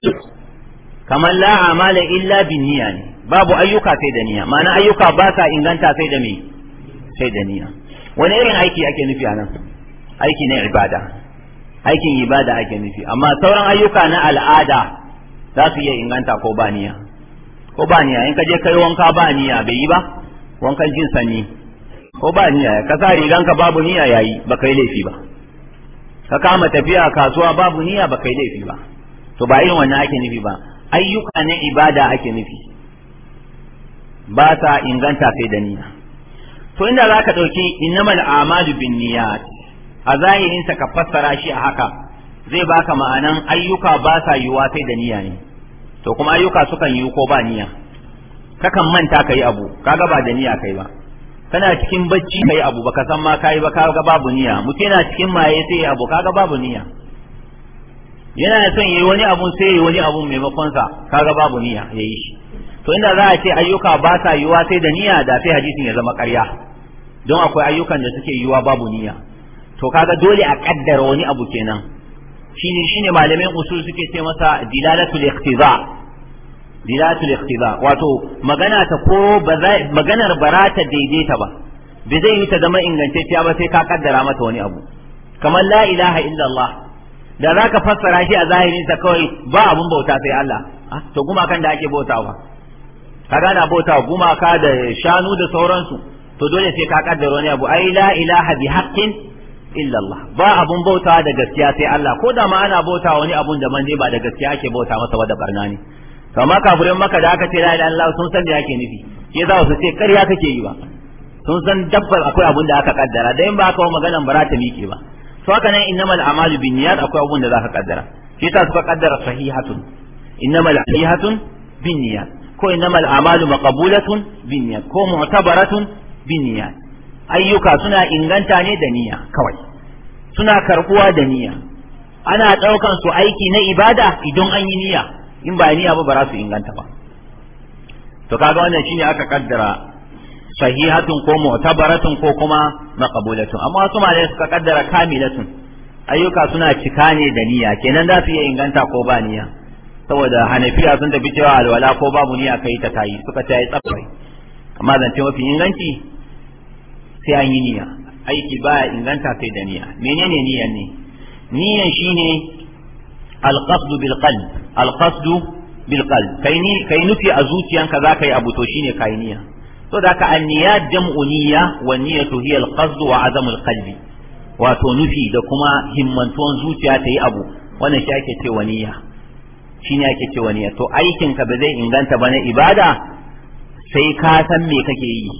Speaker 1: kamar la amala illa bin niyya ne babu ayyuka sai da niyya ma'ana ayyuka ba sa inganta sai da me sai da niyya wani irin aiki ake nufi a nan aiki na ibada aikin ibada ake nufi amma sauran ayyuka na al'ada za su iya inganta ko ba niyya ko ba niyya in ka je kai wanka ba niyya bai yi ba wankan jin sanyi ko ba niyya ka sa ka babu niyya yayi ba kai laifi ba ka kama tafiya kasuwa babu niyya ba kai laifi ba to ba irin wannan ake nufi ba ayyuka na ibada ake nufi ba ta inganta sai da niyya to inda za ka ɗauki innamal amalu bin niyyat a zahirinsa ka fassara shi a haka zai baka ma'anan ayyuka ba sa yiwuwa sai da niyya ne to kuma ayyuka sukan yiwu ko ba niyya kakan manta ka yi abu kaga ba da niyya kai ba kana cikin bacci ka yi abu baka san ma ka yi ba kaga babu niyya mutum yana cikin maye sai abu kaga babu niyya yana son yayi wani abun sai wani abun maimakon sa kaga babu niyya yayi shi to inda za a ce ayyuka ba sa yiwa sai da niyya da sai hadisin ya zama ƙarya don akwai ayyukan da suke yiwa babu niyya to kaga dole a kaddara wani abu kenan shine shine malamin usul suke ce masa dilalatul iqtiza dilalatul iqtiza wato magana ta ko maganar barata daidaita ba bai zai yi ta zama ingantacciya ba sai ka kaddara mata wani abu kamar la ilaha illallah da za ka fassara shi a zahirinsa kawai ba abun bauta sai Allah ah, to gumakan da ake bautawa ka gana bauta gumaka da shanu da sauransu to dole sai ka kaddara wani abu ai la ilaha bi haqqin illa Allah ba abun bautawa da gaskiya sai Allah ko da ma ana bautawa wani abun da man ba da gaskiya ake bauta masa ba da barna ne to amma kafirin maka da aka ce la ilaha illallah sun san da yake nufi ke za su ce ƙarya kake yi ba sun san dabbar akwai abun da aka kaddara da in ba ka wa maganan bara ta ba to haka nan innamal a'malu binniyat akwai abun da zaka kaddara shi yasa suka kaddara sahihatun innamal sahihatun binniyat ko innamal a'malu maqbulatun binniyat ko mu'tabaratun binniyat ayyuka suna inganta ne da niyya kawai suna karkuwa da niyya ana daukan su aiki na ibada idan an yi niyya in ba niyya ba ba za su inganta ba to kaga wannan shine aka kaddara sahihatun ko mu'tabaratun ko kuma maqbulatun amma wasu malai suka kaddara kamilatun ayyuka suna cika ne da niyya kenan za su iya inganta ko ba niyya saboda hanafiya sun tafi cewa alwala ko babu niyya kai ta tayi suka ta yi tsafai amma zance mafi inganci sai an yi niyya aiki baya inganta sai da niyya menene niyyan ne niyyan shine alqasdu bil qalb alqasdu bil qalb kai ni kai nufi a zuciyanka zaka yi abu to shine kai niyya so da haka anniyat jam'u wa niyyatu hiya al wa azamul qalbi wato nufi da kuma himmantuwan zuciya ta yi abu wannan shi ake cewa niyya shi ne ake cewa niyya to aikin ka ba zai inganta ba na ibada sai ka san me kake yi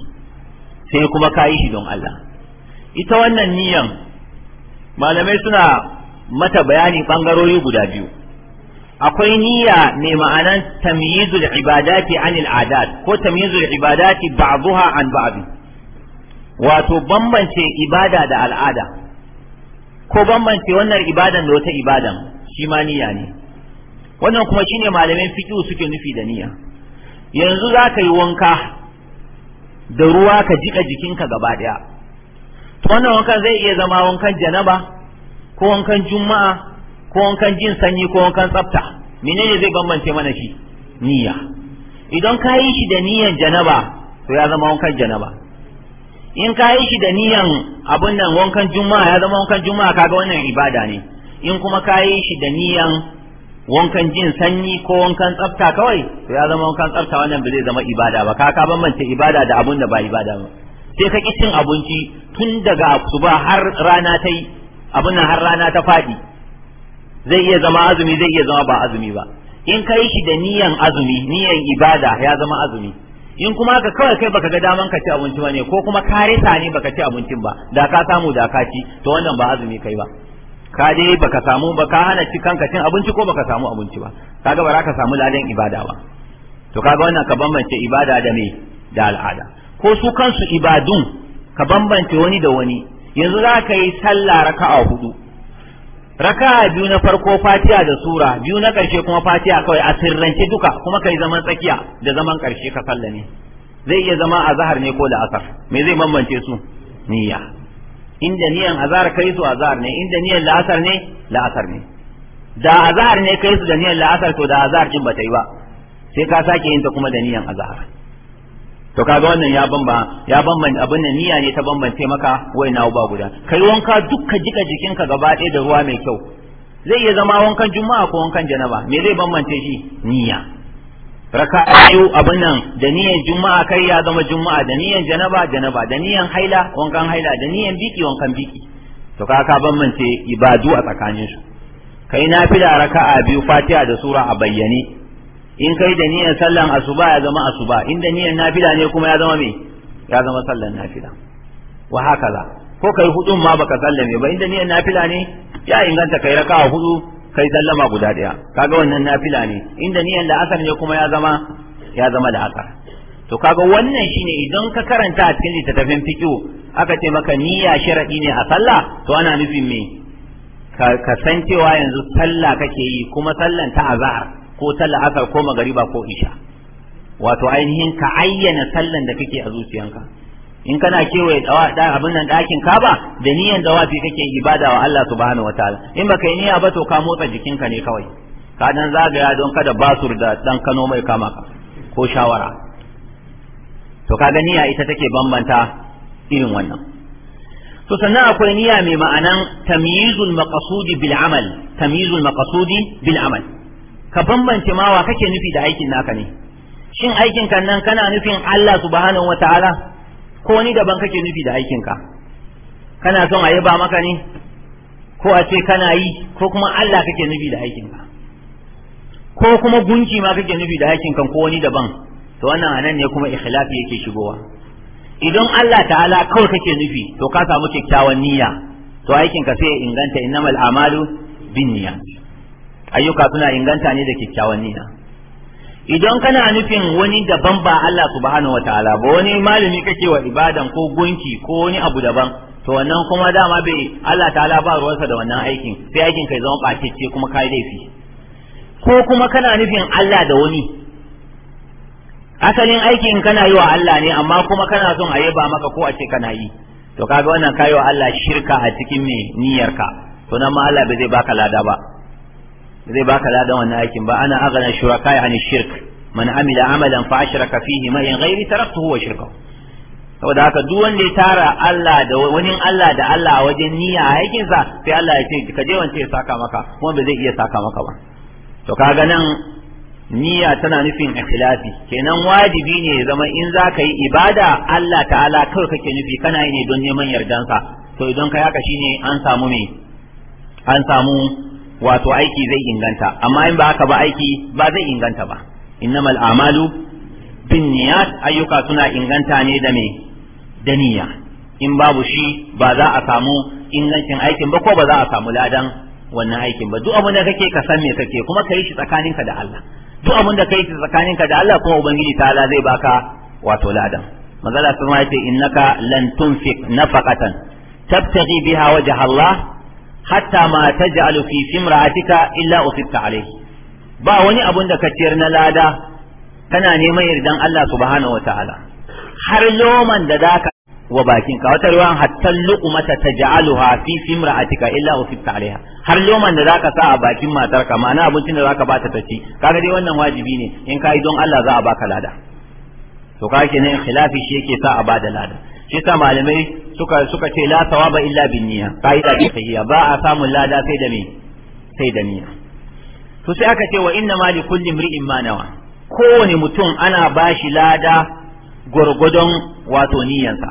Speaker 1: sai kuma ka yi shi don Allah ita wannan niyyan malamai suna mata bayani bangarori guda biyu akwai niyya mai ma'anan tamyizul ibadati anil adat ko tamyizul ibadati ba'dhuha an ba'dhi wato bambance ibada da al'ada ko bambance wannan ibada da wata ibadan shi ma niyya ne wannan kuma shine malamin fiqh suke nufi da niyya yanzu za ka yi wanka da ruwa ka jika jikinka gaba daya to wannan wankan zai iya zama wankan janaba ko wankan juma'a ko wankan jin sanyi ko wankan tsafta menene zai bambance mana shi niyya idan ka yi shi da niyyan janaba to ya zama wankan janaba in ka yi shi da niyyan abun nan wankan juma'a ya zama wankan juma'a kaga wannan ibada ne in kuma ka yi shi da niyyan wankan jin sanyi ko wankan tsafta kawai to ya zama wankan tsafta wannan ba zai zama ibada ba ka ka bambance ibada da abun da ba ibada ba sai ka ki cin abinci tun daga suba har rana ta yi abun nan har rana ta faɗi zai iya zama azumi zai iya zama ba azumi ba in ka yi shi da niyan azumi niyan ibada ya zama azumi in kuma ka kawai kai baka ga daman ka ci abinci ba ne ko kuma ka risa ne baka ci abincin ba da ka samu da ka ci to wannan ba azumi kai ba ka dai baka samu ba ka hana ci kanka cin abinci ko baka samu abinci ba kaga ba za ka samu ladan ibada ba to kaga wannan ka bambance ibada da me da al'ada ko su kansu ibadun ka bambance wani da wani yanzu za ka yi sallah raka'a hudu raka'a biyu na farko fatiha da sura biyu na karshe kuma fatiha kawai a sirrance duka kuma kai zaman tsakiya da zaman karshe ka ne zai iya zama azhar ne ko la'asar me zai bambance su niyya inda niyan azhar kai su azhar ne inda niyan la'asar ne la'asar ne da azhar ne kai su da niyan la'asar to da azhar din bata yi ba sai ka sake yin ta kuma da niyan azhar to kaga wannan ya bamba ya bamban abin da niyya ne ta bambance maka wai na ba guda kai wanka dukkan jika jikinka gaba ɗaya da ruwa mai kyau zai iya zama wankan juma'a ko wankan janaba me zai bambance shi niyya raka ayu abin nan da niyyar juma'a kai ya zama juma'a da niyyar janaba janaba da niyyar haila wankan haila da niyyar biki wankan biki to kaga ka bambance ibadu a tsakanin su kai nafila raka'a biyu fatiha da sura a bayyane in kai da niyyar sallan asuba ya zama asuba in da niyyar nafila ne kuma ya zama me ya zama sallan nafila wa hakaza ko kai hudun ma baka sallame ba in da niyyar nafila ne ya inganta kai raka'a hudu kai sallama guda daya kaga wannan nafila ne in da niyyar la'asar ne kuma ya zama ya zama la'asar to kaga wannan shine idan ka karanta a cikin littattafin fiqh aka ce maka niyya sharadi ne a sallah to ana nufin me ka san cewa yanzu sallah kake yi kuma sallan ta azhar ko ta la'asar ko magariba ko isha wato ainihin ka ayyana sallan da kake a zuciyanka in kana kewaye da abin nan ɗakin ba da niyan dawafi kake ibada wa Allah subhanahu wataala in baka yi niyya ba to ka motsa jikinka ne kawai ka dan zagaya don kada basur da dan kano mai kama ka ko shawara to kaga niyya ita take bambanta irin wannan to sannan akwai niyya mai ma'anan tamyizul maqsudi bil amal tamyizul maqsudi bil amal ka bambance ma wa kake nufi da aikin naka ne shin aikin kan nan kana nufin Allah subhanahu wataala ko ni daban kake nufi da aikin ka kana son a yaba maka ne ko a ce kana yi ko kuma Allah kake nufi da aikin ka ko kuma gunki ma kake nufi da aikin kan ko wani daban to wannan anan ne kuma ikhlafi yake shigowa idan Allah ta'ala kawai kake nufi to ka samu kyakkyawan niyya to aikin ka sai inganta innamal amalu bin niyyat ayyuka suna inganta ne da kyakkyawan niyya idan kana nufin wani daban ba Allah subhanahu wataala ba wani malami kake wa ibadan ko gunki ko wani abu daban to wannan kuma dama bai Allah ta'ala ba ruwansa da wannan aikin sai aikin kai zama ɓacecce kuma kai laifi ko kuma kana nufin Allah da wani asalin aikin kana yi wa Allah ne amma kuma kana son a yaba maka ko a ce kana yi to kaga wannan kayi wa Allah shirka a cikin me niyyarka to nan ma Allah bai zai baka lada ba zai baka ladan wannan aikin ba ana agana shuraka yani shirk man amila amalan fa ashraka fihi ma in ghairi taraktuhu wa shirkahu saboda haka duk wanda ya tara Allah da wani Allah da Allah a wajen niyya a aikin sa sai Allah ya ce ka je wance ya saka maka kuma ba zai iya saka maka ba to kaga nan niyya tana nufin ikhlasi kenan wajibi ne zama in za ka yi ibada Allah ta'ala kawai kake nufi kana yi ne don neman yardansa to idan ka haka shine an samu me an samu wato aiki zai inganta amma in ba haka ba aiki ba zai inganta ba innamal amalu bin niyat ayyuka suna inganta ne da me da niyya in babu shi ba za a samu ingancin aikin ba ko ba za a samu ladan wannan aikin ba duk abin da kake ka san me kake kuma ka yi shi tsakaninka da Allah duk abin da kai tsakaninka da Allah kuma ubangiji ta'ala zai baka wato ladan manzala sun ce innaka lan tunfiq nafaqatan tabtaghi biha wajha Allah hatta ma taj'alu fi simra'atika illa usibta alayhi ba wani abun da ka ciyar na lada kana neman yardan Allah subhanahu wataala har loman da zaka wa bakin ka wata ruwan hatta luqmata taj'aluha fi simra'atika illa usibta alaiha har loman da zaka sa a bakin matarka ma'ana abincin da zaka bata ta ci kaga dai wannan wajibi ne in kai don Allah za a baka lada to kaga kenan khilafi shi yake sa a ba da lada shi sa malamai suka suka ce la thawaba illa bin niyya kaida bi sahiya ba a samun lada sai da me sai da niyya to sai aka ce wa inna ma li kulli imri'in ma nawa kowane mutum ana bashi lada gurgudun wato niyyansa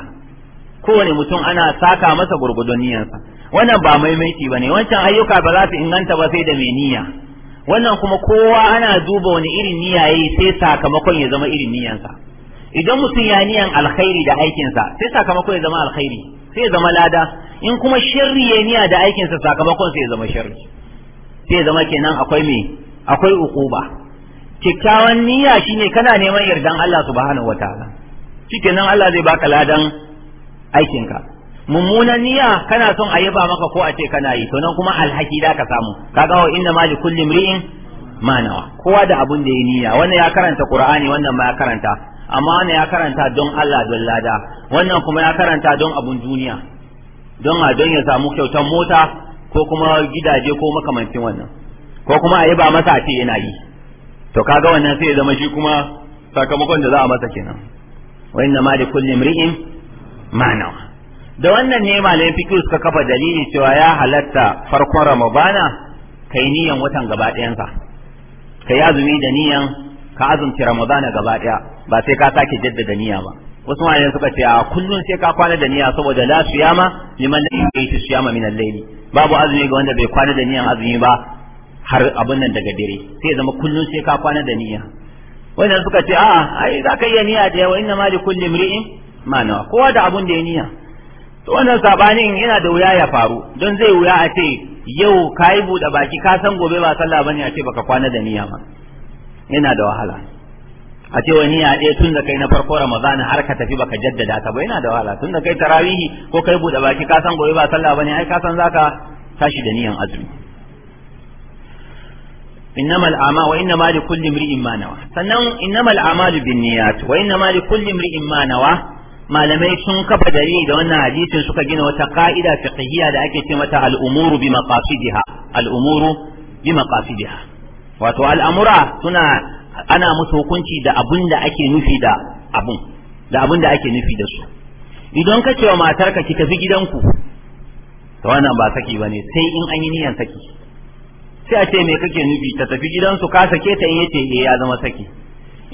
Speaker 1: kowane mutum ana saka masa gurgudun niyyansa wannan ba maimaiti bane wancan ayyuka ba za su inganta ba sai da mai niyya wannan kuma kowa ana duba wani irin niyya yayi sai sakamakon ya zama irin niyyansa idan mutum ya niyan alkhairi da aikinsa sai sakamako ya zama alkhairi sai ya zama lada in kuma sharri ya niya da aikinsa sakamakon sai ya zama sharri sai ya zama kenan akwai me akwai uquba kikkiawan niyya shine kana neman yardan Allah subhanahu wataala nan Allah zai baka ladan aikinka mummunan niyya kana son a yaba maka ko a ce kana yi to nan kuma alhaki da ka samu kaga wa inna ma likulli imri'in ma nawa kowa da abun da ya niyya wannan ya karanta qur'ani wannan ma ya karanta amma wannan ya karanta don Allah don lada wannan kuma ya karanta don abun duniya don a don ya samu kyautar mota ko kuma gidaje ko makamancin wannan ko kuma a yi ba masa ce yana yi to kaga wannan sai ya zama shi kuma sakamakon da za a masa kenan wa inna ma li kulli imri'in ma'na da wannan ne malamin Fikir suka kafa dalili cewa ya halatta farkon ramadana kai niyan watan gaba ɗayansa kai azumi da niyan ka azumci ramadana gaba ɗaya ba sai ka sake jaddada niyya ba wasu malaman suka ce a kullun sai ka kwana da niyya saboda la siyama liman lam yaqitu siyama min al babu azumi ga wanda bai kwana da niyyan azumi ba har abun nan daga dare sai zama kullun sai ka kwana da niyya wannan suka ce a'a ai za ka iya niyya da yawa inna ma li kulli imri'in ma nawa kowa da abun da ya niyya to wannan sabanin yana da wuya ya faru don zai wuya a ce yau ka yi buɗe baki ka san gobe ba sallah bane a ce baka kwana da niyya ba yana da wahala a ce wani ya ɗaya tun da kai na farko ramadana har ka tafi baka jaddada ta ba yana da wahala tun da kai tarawihi ko kai buɗe baki ka san gobe ba sallah bane ai ka san zaka tashi da niyan azumi innamal a'ma wa innama li kulli imri'in ma nawa sannan innamal a'malu binniyat wa innama li kulli imri'in ma nawa malamai sun kafa dalili da wannan hadisin suka gina wata ka'ida fiqhiyya da ake ce mata al bi wato al'amura suna ana musu hukunci da abin da ake nufi da abun da abin da ake nufi da su idan ka ce wa matarka ki tafi gidanku to wannan ba saki bane sai in an yi niyan saki sai a ce me kake nufi ta tafi gidansu ka sake ta in yace eh ya zama saki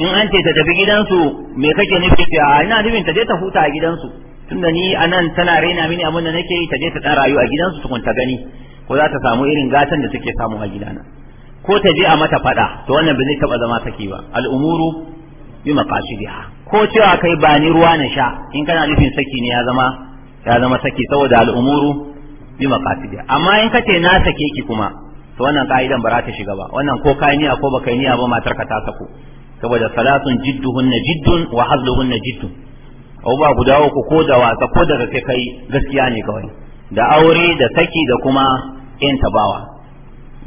Speaker 1: in an ce ta tafi gidansu me kake nufi ta ah, ina nufin ta je ta huta a gidansu tunda ni anan tana raina mini abin da nake yi ta je ta dan rayu a gidansu tukun ta gani ko za ta samu irin gatan da take samu a gidana ko ta je a mata fada to wannan ba zai taba zama saki ba al'umuru bi maqasidiha ko cewa kai ba ni ruwa na sha in kana nufin saki ne ya zama ya zama saki saboda al'umuru bi maqasidiha amma in kace na sake ki kuma to wannan ka'idan ba za ta shiga ba wannan ko kai niya ko baka niya ba matar ka ta sako saboda salatun jidduhunna jiddun wa hazluhunna jiddun abu ba guda uku ko da wasa ko daga kai gaskiya ne kawai da aure da saki da kuma yan tabawa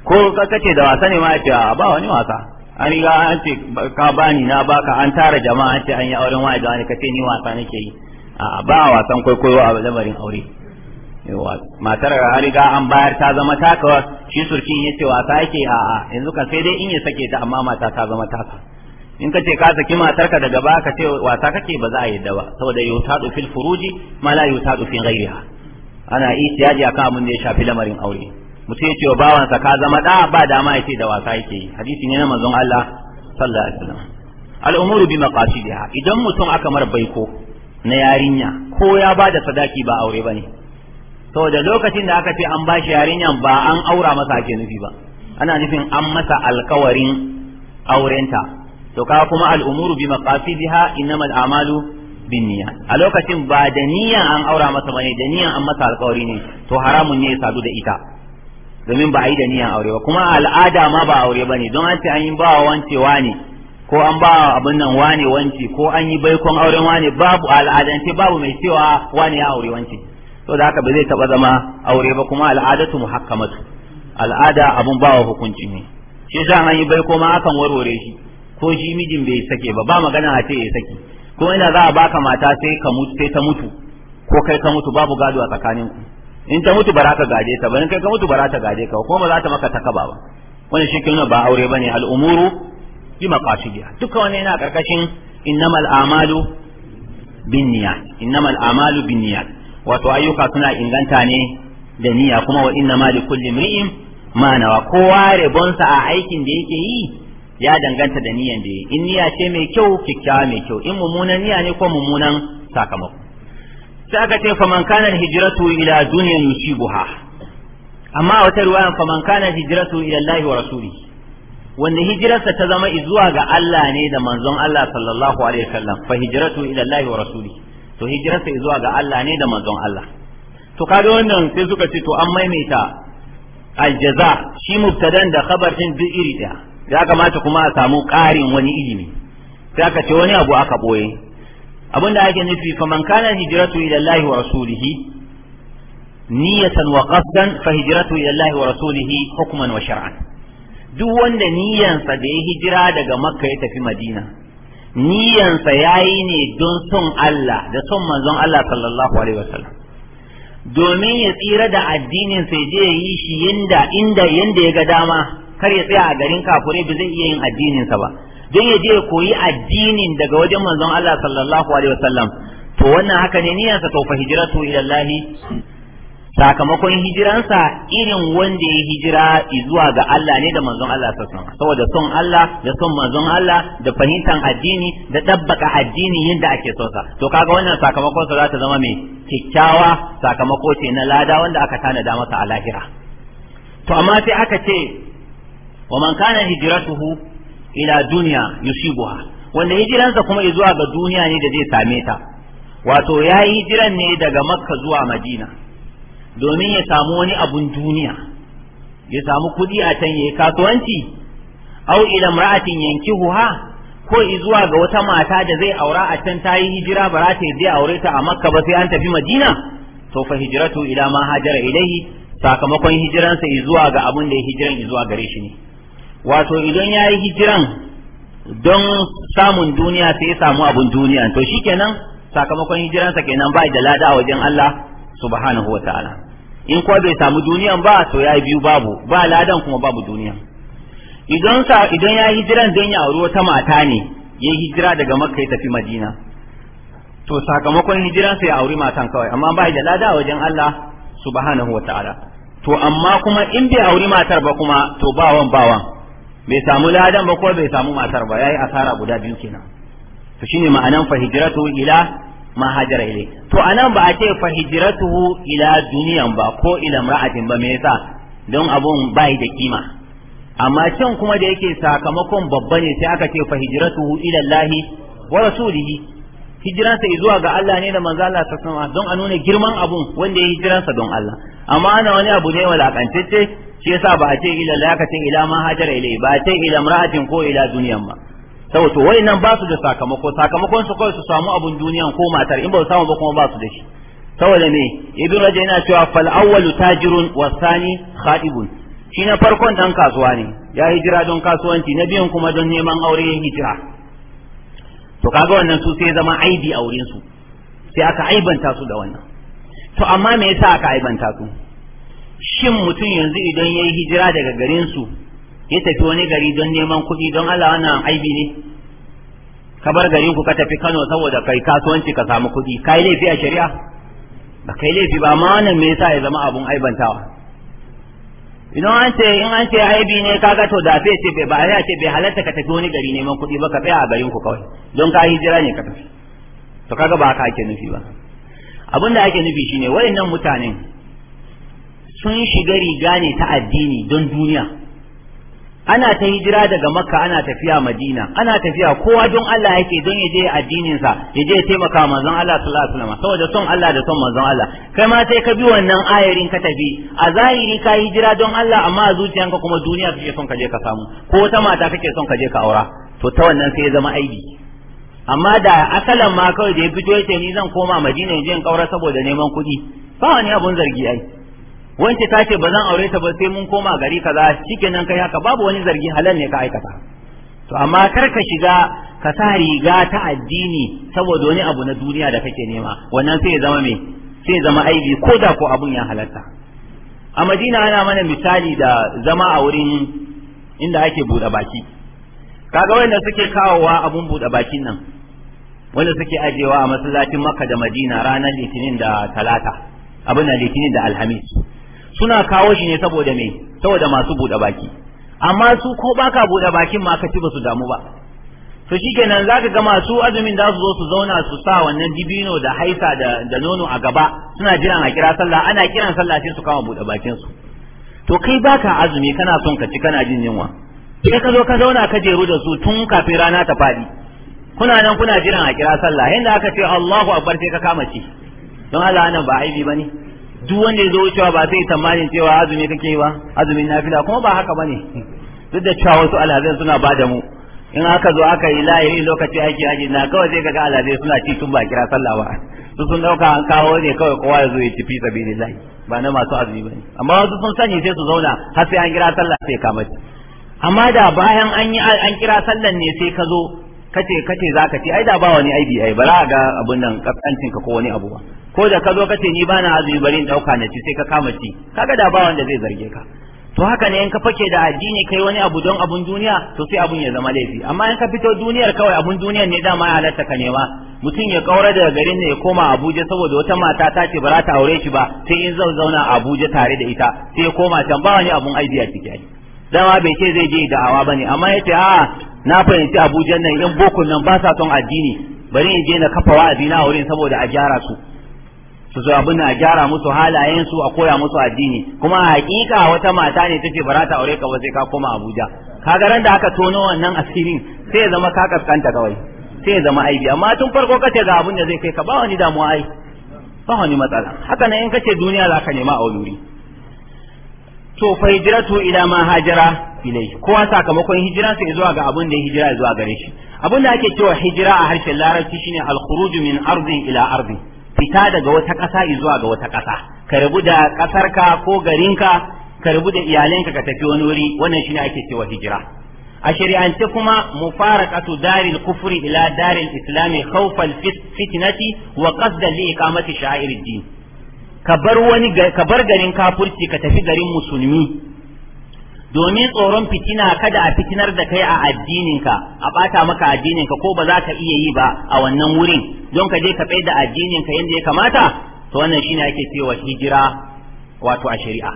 Speaker 1: ko ka ce da wasa ne ma ya ce a ba wani wasa an riga an ce ka bani na baka an tara jama'a an ce an yi auren wani da wani ka ce ni wasa nake yi a ba wasan kwaikwayo a lamarin aure matar an riga an bayar ta zama taka shi surkin ya ce wasa yake a a yanzu ka sai dai in ya sake ta amma mata ta zama taka in ka ce ka saki matar ka daga ba ka ce wasa kake ba za a yadda ba saboda yutadu fil furuji ma la yutadu fi ghairiha ana ihtiyaji akan abin da ya shafi lamarin aure mutum ya ce wa bawansa ka zama da ba dama ya ce da wasa yake yi hadisi ne na manzon Allah sallallahu alaihi wasallam al'umuru bi maqasidiha idan mutum aka mar baiko na yarinya ko ya ba da sadaki ba aure bane saboda lokacin da aka ce an ba shi yarinyan ba an aura masa ake nufi ba ana nufin an masa alkawarin aurenta to ka kuma al'umuru bi maqasidiha innamal a'malu binniya a lokacin ba da niyan an aura masa bane da niyan an masa alkawari ne to haramun ne ya sadu da ita domin ba a yi da niyan aure ba kuma al'ada ma ba aure ba ne don an ce an yi ba wance wane ko an ba abin nan wane wance ko an yi baikon auren wane babu al'adance babu mai cewa wane ya aure wance to da haka ba zai taba zama aure ba kuma al'adatu muhakkamatu al'ada abun bawa hukunci ne shi yasa an yi baiko ma akan warware shi ko shi mijin bai sake ba ba magana a ce ya sake ko ina za a baka mata sai ka mutu sai ta mutu ko kai ka mutu babu gado a tsakaninku in ta mutu bara ka gaje ta bane kai ka mutu bara ta gaje ka ko ma za ta maka takaba ba wannan shi kin ba aure bane al umuru bi maqasidiha duka wannan yana karkashin innamal amalu niyya innamal amalu binniyat wato ayyuka suna inganta ne da niyya kuma wa innama mali kulli mri'in ma nawa kowa rebonsa a aikin da yake yi ya danganta da niyyan da yi in niyya ce mai kyau kikkiawa mai kyau in mummunan niyya ne ko mummunan sakamako sai aka ce faman kana hijratu ila dunyan yusibuha amma wata riwayan faman kana hijratu ila Allah wa rasulihi wanda hijirarsa ta zama zuwa ga Allah ne da manzon Allah sallallahu alaihi wasallam fa hijratu ila Allah wa rasuli to hijirarsa zuwa ga Allah ne da manzon Allah to kaga wannan sai suka ce to an maimaita aljaza shi mubtadan da khabar din duk iri daya ya kamata kuma a samu ƙarin wani ilimi sai aka ce wani abu aka boye da ake nufi faman kana hijratu ila Allah wa rasulihi niyatan wa qasdan fa hijratu ila Allah wa rasulihi hukman wa shar'an duk wanda niyansa da ya hijira daga makka ya tafi madina niyansa yayi ne don son Allah da son manzon Allah sallallahu alaihi wasallam domin ya tsira da addinin sai je ya yi shi yanda inda yanda ya ga dama kar ya tsaya a garin kafure bai zai iya yin addininsa ba don ya je ya koyi addinin daga wajen manzon Allah sallallahu alaihi wasallam to wannan haka ne niyyarsa to fa hijratu ila Allah sakamakon hijiransa irin wanda ya hijira zuwa ga Allah ne da manzon Allah sassan saboda son Allah da son manzon Allah da fahimtar addini da tabbaka addini yadda ake so sa to kaga wannan sakamakon sa za ta zama mai kikkiawa sakamako ce na lada wanda aka tanada masa a lahira to amma sai aka ce wa man kana hijratuhu ila duniya yusibuha wanda hijiransa kuma zuwa ga duniya ne da zai same ta wato ya yi hijiran ne daga makka zuwa madina domin ya samu wani abun duniya ya samu kudi a can ya yi kasuwanci au ila yanki yankihuha ko zuwa ga wata mata da zai aura a can ta yi hijira ba za ta yi aure ta a makka ba sai an tafi madina to fa hijratu ila ma hajara ilaihi sakamakon hijiransa zuwa ga abun da ya hijiran zuwa gare shi ne wato idan ya yi hijiran don samun duniya sai ya samu abun duniya to shi kenan sakamakon hijiransa kenan ba da lada a wajen Allah subhanahu wa ta'ala in ko bai samu duniyan ba to ya biyu babu ba ladan kuma babu duniya idan sa idan ya hijiran don ya auri wata mata ne ya hijira daga makka ya tafi madina to sakamakon hijiransa ya auri matan kawai amma ba da lada a wajen Allah subhanahu wa ta'ala to amma kuma in bai auri matar ba kuma to bawan bawan bai samu ladan ba ko bai samu matar ba yayi asara guda biyu kenan to shine ma'anan fa hijratu ila ma hajara ilai to anan ba a ce fa hijratuhu ila duniyan ba ko ila mar'atin ba me yasa don abun bai da kima amma can kuma da yake sakamakon babba ne sai aka ce fa hijratuhu ila Allah wa rasulihi hijiransa zuwa ga Allah ne da manzo Allah ta sama don a nuna girman abun wanda ya yi hijiransa don Allah amma ana wani abu ne walakantacce shi yasa ba a ce ila lakatin ila ma hajara ilai ba a ce ila mar'atin ko ila duniyan ba saboda wayannan ba su da sakamako sakamakon su kawai su samu abun duniyan ko matar in ba su samu ba kuma ba su da shi saboda me ibn rajab yana cewa fal awwalu tajirun wasani khadibun shi na farkon dan kasuwa ne ya hijira don kasuwanci na biyan kuma don neman aure ya hijira to kaga wannan su sai zama aibi a wurin su sai aka aibanta su da wannan to amma me yasa aka aibanta su shin mutum yanzu idan yayi hijira daga garin su ya tafi wani gari don neman kuɗi don Allah wannan aibi ne ka bar garin ku ka tafi Kano saboda kai kasuwanci ka samu kuɗi kai laifi a shari'a ba kai laifi ba amma wannan me yasa ya zama abun aibantawa idan an ce in an ce aibi ne kaga to da fe ce ba ya ce bai halatta ka tafi wani gari neman kuɗi ba ka tsaya a garin ku kawai don ka hijira ne ka tafi to kaga ba ka ake nufi ba abin da ake nufi shine waɗannan mutanen sun shiga riga ne ta addini don duniya ana ta hijira daga makka ana tafiya madina ana tafiya kowa don Allah yake don ya je addinin sa ya je taimaka manzon Allah sallallahu alaihi wasallam saboda son Allah da son manzon Allah kai ma sai ka bi wannan ayarin ka tafi a zahiri ka hijira don Allah amma a zuciyanka kuma duniya kake son ka je ka samu ko wata mata kake son ka je ka aura to ta wannan sai ya zama aibi amma da asalan ma kawai da ya fito ya ce ni zan koma madina ya je in kaura saboda neman kuɗi ba wani abun zargi ai wance ta ce ba zan aure ta ba sai mun koma gari kaza shikenan kai haka babu wani zargin halal ne ka aikata to amma kar ka shiga ka sa riga ta addini saboda wani abu na duniya da kake nema wannan sai ya zama me sai zama aibi ko da ko abun ya halarta. a madina ana mana misali da zama a wurin inda ake buɗe baki kaga wanda suke kawowa abun buɗe bakin nan wanda suke ajewa a masallacin makka da madina ranar litinin da talata abin da litinin da alhamis suna kawo shi ne saboda me saboda masu buɗe baki amma su ko baka buɗe bakin ma ka ci ba su damu ba to shikenan zaka ga masu azumin da su zo su zauna su sa wannan dibino da haisa da da nono a gaba suna jiran a kira sallah ana kiran sallah sai su kama buɗe bakin su to kai baka azumi kana son ka ci kana jin yunwa sai ka zo ka zauna ka jeru da su tun kafin rana ta faɗi kuna nan kuna jiran a kira sallah yanda aka ce Allahu akbar sai ka kama ci don Allah nan ba aibi bane duk wanda ya zo cewa ba zai tsammanin cewa azumi kake ba azumin nafila kuma ba haka bane duk da cewa wasu alhazai suna ba da mu in aka zo aka yi layi lokaci aiki aji na kawai zai kaga alhazai suna ci tun ba kira sallah ba su sun dauka an kawo ne kawai kowa ya zo ya ci fi lillahi ba na masu azumi bane amma wasu sun sani sai su zauna har sai an kira sallah sai ka mace amma da bayan an yi an kira sallan ne sai ka zo kace kace zaka ce ai da ba wani aibi ai bara ga abun nan kaskancin ka ko wani abu ba ko da ka zo kace ni bana azumi bari in dauka na ci sai ka kama ci kaga da ba wanda zai zarge ka to haka ne in ka fake da addini kai wani abu don abun duniya to sai abun ya zama laifi amma in ka fito duniyar kawai abun duniyar ne dama ya halatta ka nema mutum ya kaura daga garin ne ya koma Abuja saboda wata mata ta ce ba za ta aure shi ba sai in zan zauna Abuja tare da ita sai ya koma can ba wani abun a ciki ai dama bai ce zai je da'awa bane amma yace a na fahimci abuja nan yan bokun nan ba sa son addini bari in je na kafa addini a wurin saboda a gyara su su zo abin a gyara musu halayen su a koya musu addini kuma a hakika wata mata ne tace ba aure ka ba sai ka koma abuja kaga ran da aka tono wannan asirin sai ya zama ka kaskanta kawai sai ya zama aibi amma tun farko kace ga abin da zai kai ka ba wani damuwa ai ba wani matsala haka nan in kace duniya za ka nema a wuri to fa hijratu ila ma hajara ilayhi kowa sakamakon hijira sai zuwa ga abin da ya hijira zuwa gare shi abin da ake cewa hijira a harshen larabci shine al-khuruj min ardin ila ardin fita daga wata ƙasa zuwa ga wata ƙasa ka rabu da ƙasarka ko garinka ka rabu da iyalanka ka tafi wani wuri wannan shine ake cewa hijira a shari'ance kuma mufaraqatu daril kufri ila daril islami khawfal fitnati wa qasdan li iqamati sha'ir din ka bar wani ka bar garin kafurci ka tafi garin musulmi domin tsoron fitina kada a fitinar da kai a addininka a bata maka addininka ko ba za ka iya yi ba a wannan wurin don ka je ka tsaye da addininka yadda ya kamata to wannan shine ake cewa hijira wato a shari'a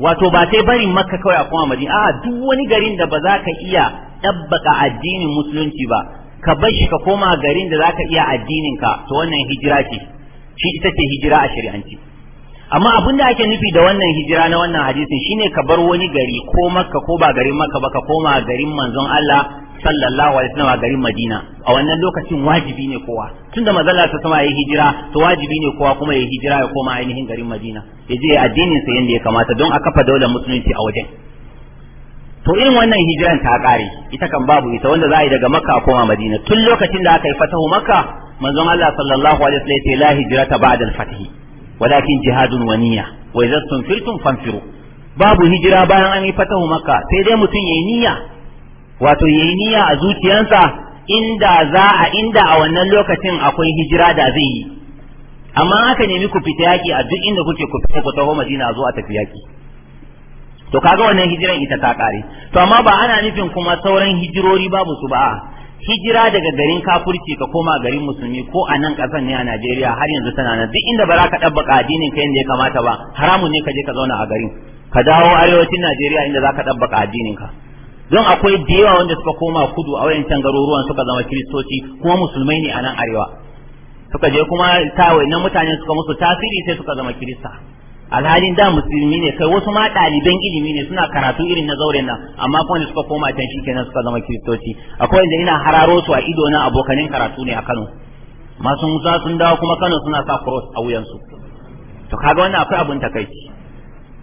Speaker 1: wato ba sai barin makka kawai a kuma madina a duk wani garin da ba za ka iya ɗabbaka addinin musulunci ba ka bar shi ka koma garin da za ka iya addininka to wannan hijira ce shi ita ce hijira a shari'anci amma abin da ake nufi da wannan hijira na wannan hadisin shine ka bar wani gari ko makka ko ba garin makka ba ka koma garin manzon Allah sallallahu alaihi wasallam a garin Madina a wannan lokacin wajibi ne kowa tunda manzon ta sama yayi hijira to wajibi ne kowa kuma yayi hijira ya koma ainihin garin Madina ya je addinin sa yanda ya kamata don a kafa daular musulunci a wajen to irin wannan hijiran ta kare ita kan babu ita wanda za a yi daga makka a koma madina tun lokacin da aka yi fatahu makka manzon Allah sallallahu alaihi wasallam yace la hijrata ba'da al-fath walakin jihadun wa niyya wa idza tunfirtum fanfiru babu hijira bayan an yi fatahu makka sai dai mutum yayi niyya wato yayi niyya a zuciyarsa inda za a inda a wannan lokacin akwai hijira da zai yi amma aka nemi ku fita yaki a duk inda kuke ku fita ku taho Madina a tafi yaki to kaga wannan hijiran ita ta kare to amma ba ana nufin kuma sauran hijirori babu su ba hijira daga garin kafurci ka koma garin musulmi ko a nan kasan ne a Najeriya har yanzu tana nan duk inda ba za ka dabbaka addinin ka inda ya kamata ba haramun ne ka je ka zauna a garin ka dawo arewacin Najeriya inda za ka dabbaka addinin ka don akwai da yawa wanda suka koma kudu a wayancan garuruwan suka zama kiristoci kuma musulmai ne a nan arewa suka je kuma ta wayannan mutane suka musu tasiri sai suka zama kirista alhalin da musulmi ne kai wasu ma ɗaliban ilimi ne suna karatu irin na zaure nan amma kuma da suka koma can shikenan suka zama kiristoci akwai wanda ina hararo su a ido na abokanin karatu ne a Kano masu musa sun dawo kuma Kano suna sa cross a wuyansu to kaga wannan akwai abun takaici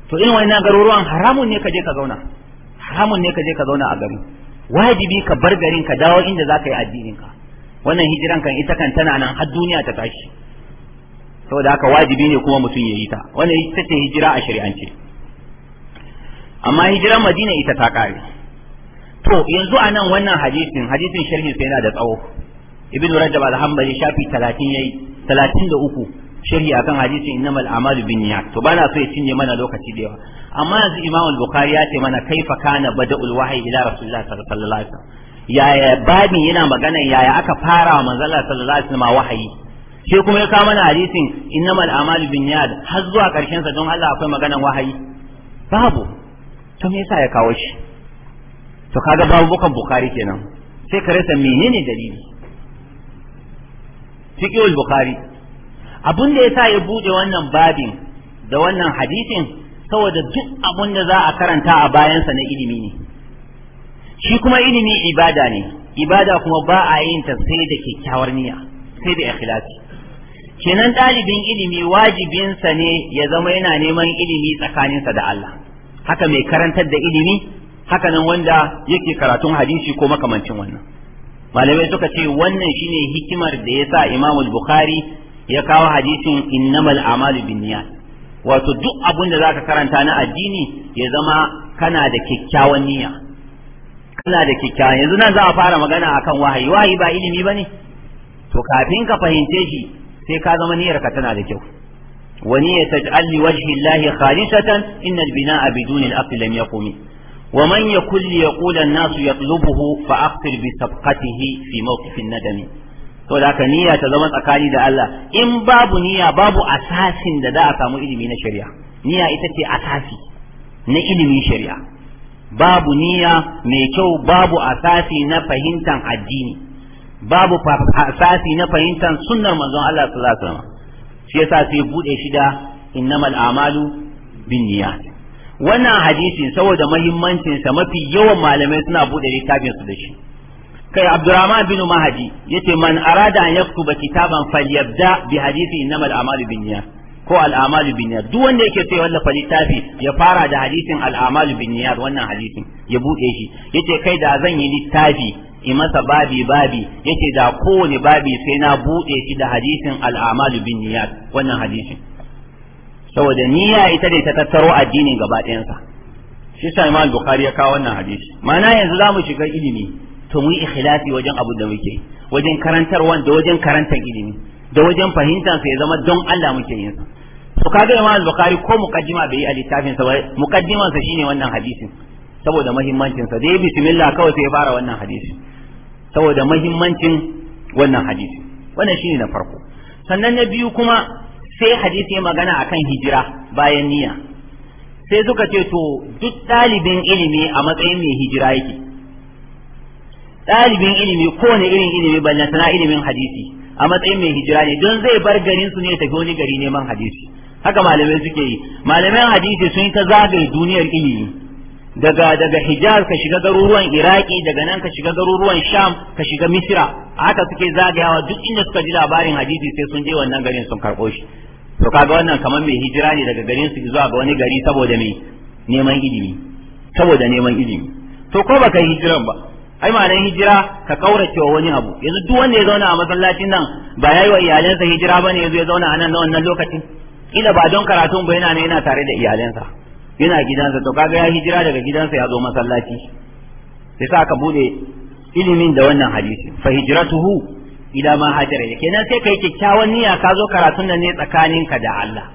Speaker 1: to irin wannan garuruwan haramun ne ka ka zauna haramun ne ka ka zauna a gari wajibi ka bar garin ka dawo inda zaka yi addinin ka wannan hijiran kan ita kan tana nan har duniya ta tashi saboda haka wajibi ne kuma mutum ya yi ta wannan ita ce hijira a shari'ance amma hijiran madina ita ta kare to yanzu a nan wannan hadisin hadisin sharhin sai yana da tsawo ibnu rajab al-hanbali shafi 30 yayi 33 sharhi akan hadisin innamal a'malu binniyat to bana so ya cinye mana lokaci da yawa amma yanzu imam al-bukhari ya ce mana kaifa kana bada'ul wahyi ila rasulillah sallallahu alaihi wasallam yaya babin yana magana yaya aka fara wa manzon sallallahu alaihi wasallam wahayi sai kuma ya kawo mana hadisin innamal a'malu binniyat har zuwa karshen sa don Allah akwai maganan wahayi babu to me yasa ya kawo shi to kaga babu bukan bukhari kenan sai ka rasa menene dalili fiqhul bukhari abun da yasa ya bude wannan babin da wannan hadisin saboda duk abun da za a karanta a bayansa na ilimi ne shi kuma ilimi ibada ne ibada kuma ba a yin ta sai da kyakkyawar niyya sai da ikhlasi kenan ɗalibin ilimi wajibinsa ne ya zama yana neman ilimi tsakaninsa da Allah haka mai karantar da ilimi haka nan wanda yake karatun hadisi ko makamancin wannan malamai suka ce wannan shine hikimar da ya sa imamul bukhari ya kawo hadisin innamal amalu binniyat wato duk abin da zaka karanta na addini ya zama kana da kyakkyawan niyya kana da kyakkyawan yanzu nan za a fara magana akan wahayi wahayi ba ilimi bane to kafin ka fahimce shi sai ka zama niyyarka ka tana da kyau wani ya taj'alli wajhi llahi khalisatan inna al-bina'a biduni al-aqli lam yaqum wa man yakul yaqul an-nas yatlubuhu fa aqtir bi sabqatihi fi mawqif an-nadam to da ka niyya ta zama tsakani da Allah in babu niyya babu asasin da za a samu ilimi na shari'a niyya ita ce asasi na ilimin shari'a babu niyya mai kyau babu asasi na fahimtar addini babu fasasi na fahimtar sunnar manzon Allah sallallahu alaihi wasallam shi yasa sai bude shida innamal a'malu binniyat wannan hadisi saboda muhimmancin sa mafi yawan malamai suna bude littafin su da shi kai Abdurrahman bin Mahdi yace man arada an yaktuba kitaban falyabda bi hadisi innamal a'malu binniyat ko al'amalu bin niyyat duk wanda yake sai wallafa littafi ya fara da hadisin al'amalu bin niyyat wannan hadisin ya buɗe shi yace kai da zan yi littafi in masa babi babi yace da kowane babi sai na buɗe shi da hadisin al'amalu bin niyyat wannan hadisin saboda niyya ita ne ta tattaro addinin gaba ɗayansa shi sa Imam Bukhari ya kawo wannan hadisi ma'ana yanzu za mu shiga ilimi to mu yi ikhlasi wajen abu da muke wajen karantar da wajen karantar ilimi da wajen fahimtar sa ya zama don Allah muke yin sa to kaga Imam al-Bukhari ko muqaddima bai yi a littafin sa ba muqaddiman sa shine wannan hadisin saboda muhimmancin sa dai bismillah kawai sai ya fara wannan hadisi saboda muhimmancin wannan hadisi wannan shine na farko sannan na biyu kuma sai hadisi ya magana akan hijira bayan niyya sai suka ce to duk ɗalibin ilimi a matsayin mai hijira yake ɗalibin ilimi kowane irin ilimi sana'a ilimin hadisi a matsayin mai hijira ne don zai bar garin su ne tafi wani gari neman hadisi haka malamai suke yi malaman hadisi sun yi ta zagaye duniyar ilimi daga daga Hijaz ka shiga garuruwan Iraki daga nan ka shiga garuruwan Sham ka shiga Misira, haka suke zagayawa duk inda suka ji labarin hadisi sai sun je wannan garin sun karɓo shi to kaga wannan kamar mai hijira ne daga garin su zuwa ga wani gari saboda mai neman ilimi saboda neman ilimi to ko baka hijiran ba ai ma'anar hijira ka kaurace wa wani abu yanzu duk wanda ya zauna a masallacin nan ba yayi wa iyalansa hijira bane yanzu ya zauna a nan na wannan lokacin kila ba don karatun ba yana ne yana tare da iyalansa yana gidansa to kaga ya hijira daga gidansa ya zo masallaci sai sa ka bude ilimin da wannan hadisi fa hijratuhu ila ma hajara yake nan sai kai kikkiawan niyya ka zo karatun nan ne tsakaninka da Allah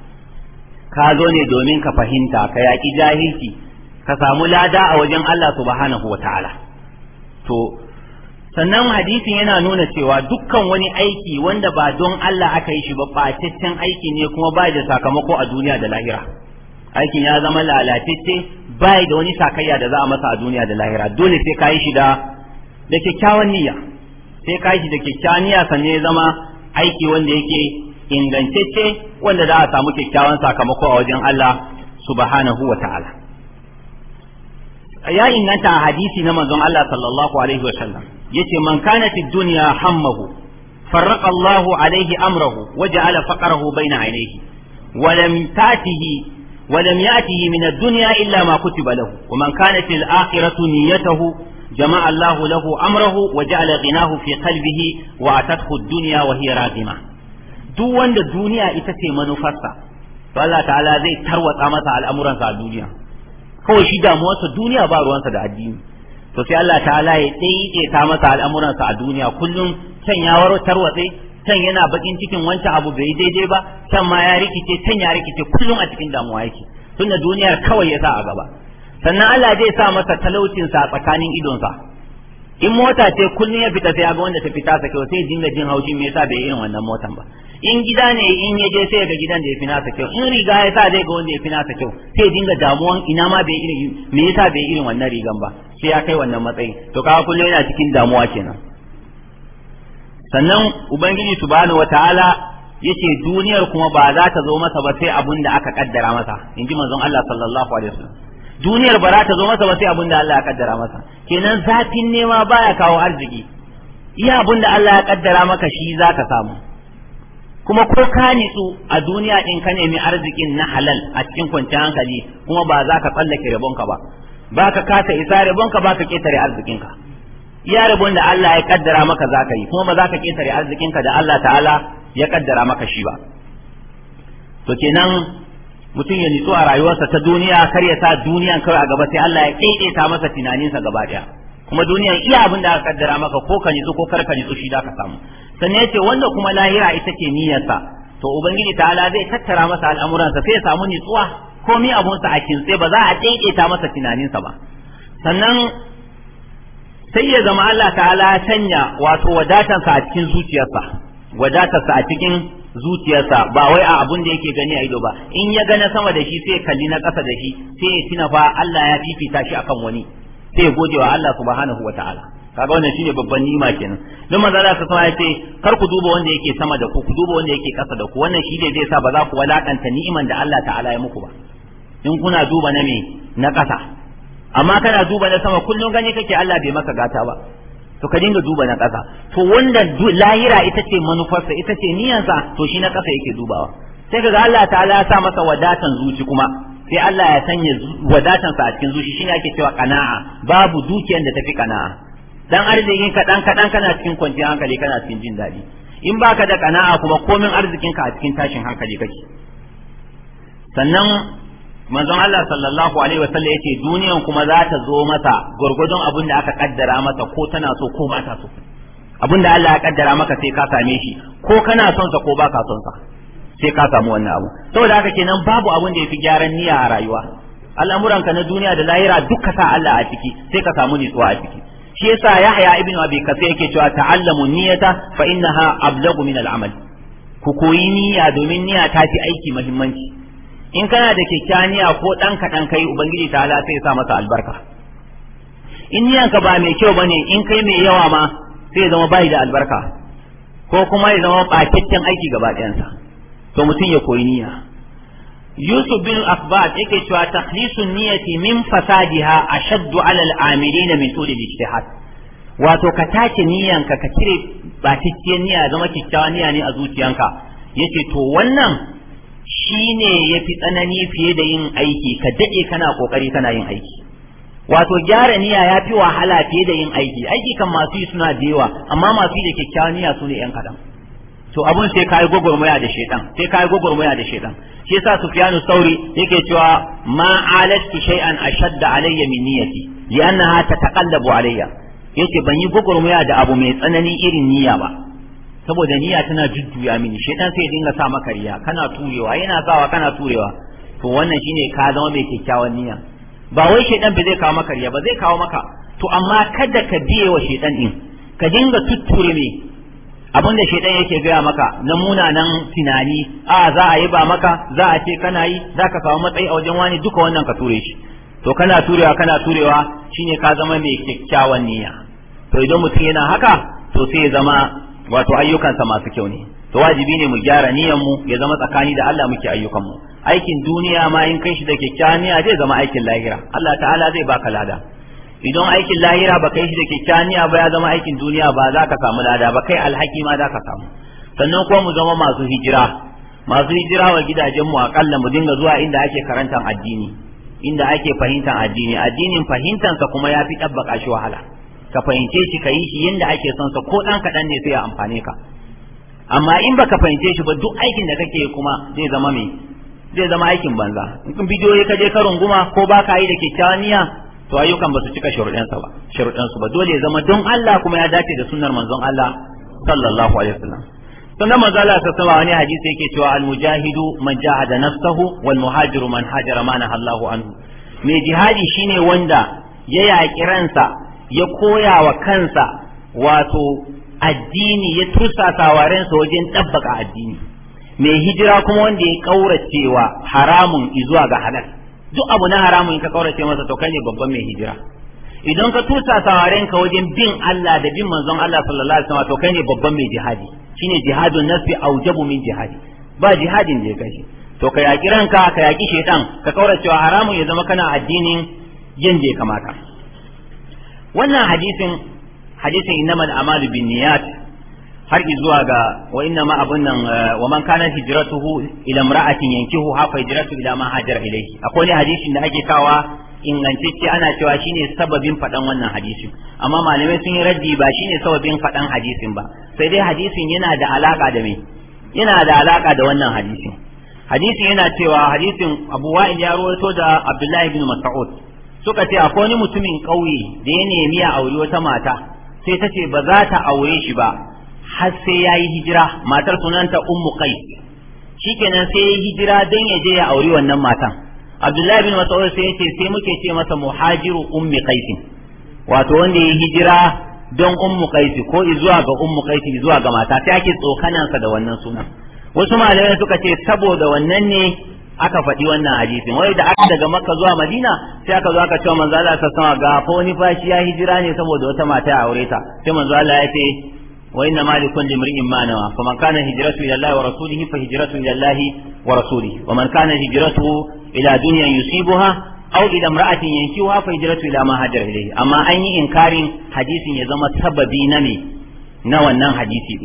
Speaker 1: ka zo ne domin ka fahimta ka yaki jahilci ka samu lada a wajen Allah subhanahu wataala to sannan hadisin yana nuna cewa dukkan wani aiki wanda ba don Allah aka yi shi ba ɓataccen aiki ne kuma ba da sakamako a duniya da lahira aikin ya zama lalatacce ba da wani sakayya da za a masa a duniya da lahira dole sai ka yi shi da da kyakkyawan niyya sai ka yi shi da kyakkyawan niyya sannan ya zama aiki wanda yake ingantacce wanda za a samu kyakkyawan sakamako a wajen Allah subhanahu wa ta'ala ya inganta hadisi na manzon Allah sallallahu alaihi wa sallam yace man kana fi dunya hammahu farraqa Allahu alaihi amrahu waja'ala faqrahu baina ainihi wa lam tatihi wa lam yatihi min ad-dunya illa ma kutiba lahu wa man kana fil akhirati niyyatuhu jama'a Allahu lahu amrahu waja'ala ghinahu fi qalbihi wa atathu ad-dunya wa hiya raghima duk wanda duniya ita ce manufarsa to Allah ta'ala zai tarwatsa masa al'amuransa a duniya kawai shi damuwarsa duniya ba ruwansa da addini to sai Allah ta'ala ya ta masa al'amuransa a duniya kullum can ya tarwatse can yana bakin cikin wancan abu bai daidai ba can ma ya rikice can ya rikice kullum a cikin damuwa yake tunda duniyar kawai ya sa a gaba sannan Allah zai sa masa talaucin sa tsakanin idonsa in mota ce kullum ya fita sai ya ga wanda ta fita sa kyau sai dinga jin haushi me yasa bai irin wannan motan ba in gida ne in ya je sai ga gidan da ya fi nasa kyau in riga ya sa zai ga wanda ya fi nasa kyau sai dinga damuwan ina ma bai irin me yasa bai irin wannan rigan ba sai ya kai wannan matsayi to kaga kullum yana cikin damuwa kenan sannan ubangiji subhanahu wataala yace duniyar kuma ba za ta zo masa ba sai abun da aka kaddara masa inji manzon Allah sallallahu alaihi wasallam duniyar ba za ta zo masa ba sai abun da Allah ya kaddara masa kenan zafin nema baya kawo arziki iya abun da Allah ya kaddara maka shi za ka samu kuma ko ka nitsu a duniya in ka nemi arzikin na halal a cikin kwanciyar hankali kuma ba za ka tsallake rabonka ba ba ka kasa isa rabonka ba ka ketare arzikinka iya rabon da Allah ya kaddara maka za ka yi kuma ba za ka ketare arzikinka da Allah ta'ala ya kaddara maka shi ba to kenan mutum ya nitsu a rayuwarsa ta duniya kar ya sa duniyan kawai a gaba sai Allah ya ta masa tunaninsa gaba daya kuma duniyan iya abin da aka kaddara maka ko ka nitsu ko kar ka nitsu shi da ka samu sannan ce wanda kuma lahira ita ce niyyarsa to ubangiji ta'ala zai tattara masa al'amuransa sai ya samu nitsuwa komi abunsa a kin sai ba za a daidaita masa tunaninsa ba sannan sai ya zama Allah ta'ala ya sanya wato wadatarsa a cikin zuciyarsa wadatarsa a cikin zuciyarsa ba wai a abun da yake gani a ido ba in ya gana sama da shi sai kalli na ƙasa da shi sai ya tuna fa Allah ya fifita shi akan wani sai ya gode wa Allah subhanahu wa ta'ala kaga wannan shine babban nima kenan don manzo Allah ta sama yace kar ku duba wanda yake sama da ku ku duba wanda yake kasa da ku wannan shine zai sa ba za ku walakanta ni'iman da Allah ta'ala ya muku ba in kuna duba na me na kasa amma kana duba na sama kullun gani kake Allah bai maka gata ba to ka dinga duba na kasa to wanda lahira ita ce manufarsa ita ce niyansa to shi na kasa yake dubawa sai kaga Allah ta'ala ya sa masa wadatan zuci kuma sai Allah ya sanya wadatansa a cikin zuci shine ake cewa kana'a babu dukiyar da tafi kana'a dan arzikin ka dan kadan kana cikin kwanciyar hankali kana cikin jin daɗi in baka da kana'a kuma komin arzikin ka a cikin tashin hankali kake sannan manzon Allah sallallahu alaihi wa sallam yace duniyan kuma za ta zo masa gurgudun abin da aka kaddara masa ko tana so ko ba ta so abin da Allah ya kaddara maka sai ka same shi ko kana son sa ko ba ka son sa sai ka samu wannan abu saboda haka kenan babu abin da yafi gyaran niyya a rayuwa al'amuranka na duniya da lahira duka sa Allah a ciki sai ka samu nutsuwa a ciki shi yasa Yahya ibn Abi Kathir yake cewa ta'allamu niyyata fa innaha ablagu min al-amal ku koyi niyya domin niyya ta fi aiki muhimmanci in kana da kyakkyawan niyya ko dan kadan kai ubangiji ta ala sai ya sa masa albarka in niyyanka ba mai kyau bane in kai mai yawa ma sai ya zama bai da albarka ko kuma ya zama bakekken aiki gaba ɗayansa to mutum ya koyi niyya yusuf bin Akbar yake cewa takhlisun niyyati min fasadiha ashaddu ala al-amilin min tul al-ijtihad wato ka tace niyyanka ka cire cikin niyya zama kikkiawar niyya ne a zuciyanka yace to wannan shine yafi tsanani fiye da yin aiki ka dade kana kokari kana yin aiki wato gyara niyya yafi wahala fiye da yin aiki aiki kan masu yi suna da yawa amma masu yi da kikkiawa niyya su ne yan kadan to abun sai kai gogormaya da shedan sai kai gogormaya da shedan shi yasa sufyanu sauri yake cewa ma alashtu shay'an ashadda alayya min niyyati li'annaha tataqallabu alayya yace ban yi gogormaya da abu mai tsanani irin niyya ba saboda niyya tana jujjuya mini shedan sai dinga sa maka riya kana turewa yana sawa kana turewa to wannan shine ka zama mai kyakkyawan niyya ba wai shedan ba zai kawo maka riya ba zai kawo maka to amma kada ka biye wa shedan din ka dinga tutture me abin da shaidan yake gaya maka na munanan tunani a za a yi ba maka za a ce kana yi za ka samu matsayi a wajen wani duka wannan ka ture shi to kana turewa kana turewa shine ka zama mai kyakkyawan niyya to idan mutum yana haka to sai ya zama wato ayyukansa masu kyau ne to wajibi ne mu gyara niyyar mu ya zama tsakani da Allah muke ayyukan mu aikin duniya ma in kai shi da kyakkyawan niyya zai zama aikin lahira Allah ta'ala zai baka lada idan aikin lahira ba kai shi da kyakkyaniya ba ya zama aikin duniya ba za ka samu lada ba kai alhaki ma za ka samu sannan kuma mu zama masu hijira masu hijira wa gidajen mu akalla mu dinga zuwa inda ake karantar addini inda ake fahimtar addini addinin fahimtansa kuma ya fi shi wahala ka fahimce shi ka yi shi yadda ake son sa ko ɗan kaɗan ne sai ya amfane ka amma in baka fahimce shi ba duk aikin da kake kuma zai zama me zai zama aikin banza in bidiyoyi ka je ka runguma ko ba ka yi da kyakkyawan niyya to ayyukan ba su cika sharuɗan ba sharuɗan ba dole ya zama don Allah kuma ya dace da sunnar manzon Allah sallallahu alaihi wasallam sannan manzo Allah ta sama wani hadisi yake cewa al mujahidu man jahada nafsahu wal muhajiru man hajara ma anhu mai jihadi shine wanda ya yaƙi ransa ya koya wa kansa wato addini ya tursasa wa ransa wajen ɗabbaka addini mai hijira kuma wanda ya ƙauracewa haramun izuwa ga halal duk abu na haramun ka kaurace masa to kai babban mai hijira idan ka tusa sawaren ka wajen bin Allah da bin manzon Allah sallallahu alaihi wasallam to kai babban mai jihadi shine jihadun nafsi aujabu min jihadi ba jihadin da ya gashi to ka yaki ranka ka yaki ka kaurace wa haramun ya zama kana addinin yanda ya kamata wannan hadisin hadisin innamal amalu bin har zuwa ga wa inna ma abun nan eh, wa man kana hijratuhu ila imra'atin yankihu ha fa hijratu ila ma hajar ilayhi akwai ne hadisin da ake kawa ingantacce ana cewa shine sababin fadan wannan hadisin amma malamai sun yi raddi ba shine sababin fadan hadisin ba sai dai hadisin yana da alaka da me yana da alaka da wannan hadisin hadisin yana cewa hadisin Abu Wa'il ya rawaito da Abdullahi ibn Mas'ud suka ce akwai wani mutumin kauye da ya nemi ya aure wata mata sai ta ce ba za ta aure shi ba har sai ya yi hijira matar sunanta ummu kai shikenan sai ya yi hijira dan ya je ya auri wannan matan abdullahi bin mas'ud sai ce sai muke ce masa muhajiru ummi qais wato wanda ya yi hijira don ummu qais ko zuwa ga ummu qais zuwa ga mata sai ake tsokanansa da wannan sunan wasu malamai suka ce saboda wannan ne aka faɗi wannan hadisin wai da aka daga makka zuwa madina sai aka zo aka cewa manzo Allah sallallahu alaihi ga fa wani fashi ya hijira ne saboda wata mata ya aure ta sai manzo Allah ya ce وإن ما لكل امرئ ما نوى فمن كان هجرته إلى الله ورسوله فهجرته إلى الله ورسوله ومن كان هجرته إلى دنيا يصيبها أو إلى امرأة ينكوها فهجرته إلى ما هاجر إليه أما أي إنكار حديث يزم سببي نمي نوى النام حديثي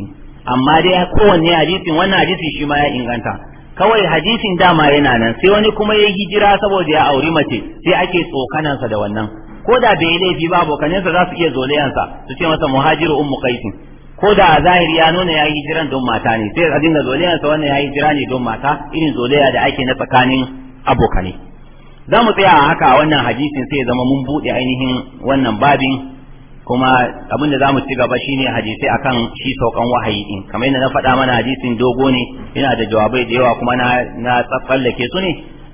Speaker 1: أما دي أكون حديث وانا حديث شما إنغانتا kawai hadisin dama yana nan sai wani kuma ya hijira saboda ya auri mace sai ake tsokanansa da wannan ko da bai laifi ba abokanansa za su iya zolayansa su ce masa muhajiru ummu qaisin ko da a zahiri ya nuna ya yi jiran don mata ne sai a dinga zoliyarsa wannan ya yi jira ne don mata irin zoliya da ake na tsakanin abokanai za mu tsaya a haka a wannan hadisin sai zama mun buɗe ainihin wannan babin kuma abin da za mu ci gaba shine hadisai akan shi saukan wahayi din kamar yadda na faɗa mana hadisin dogo ne yana da jawabai da yawa kuma na na tsallake su ne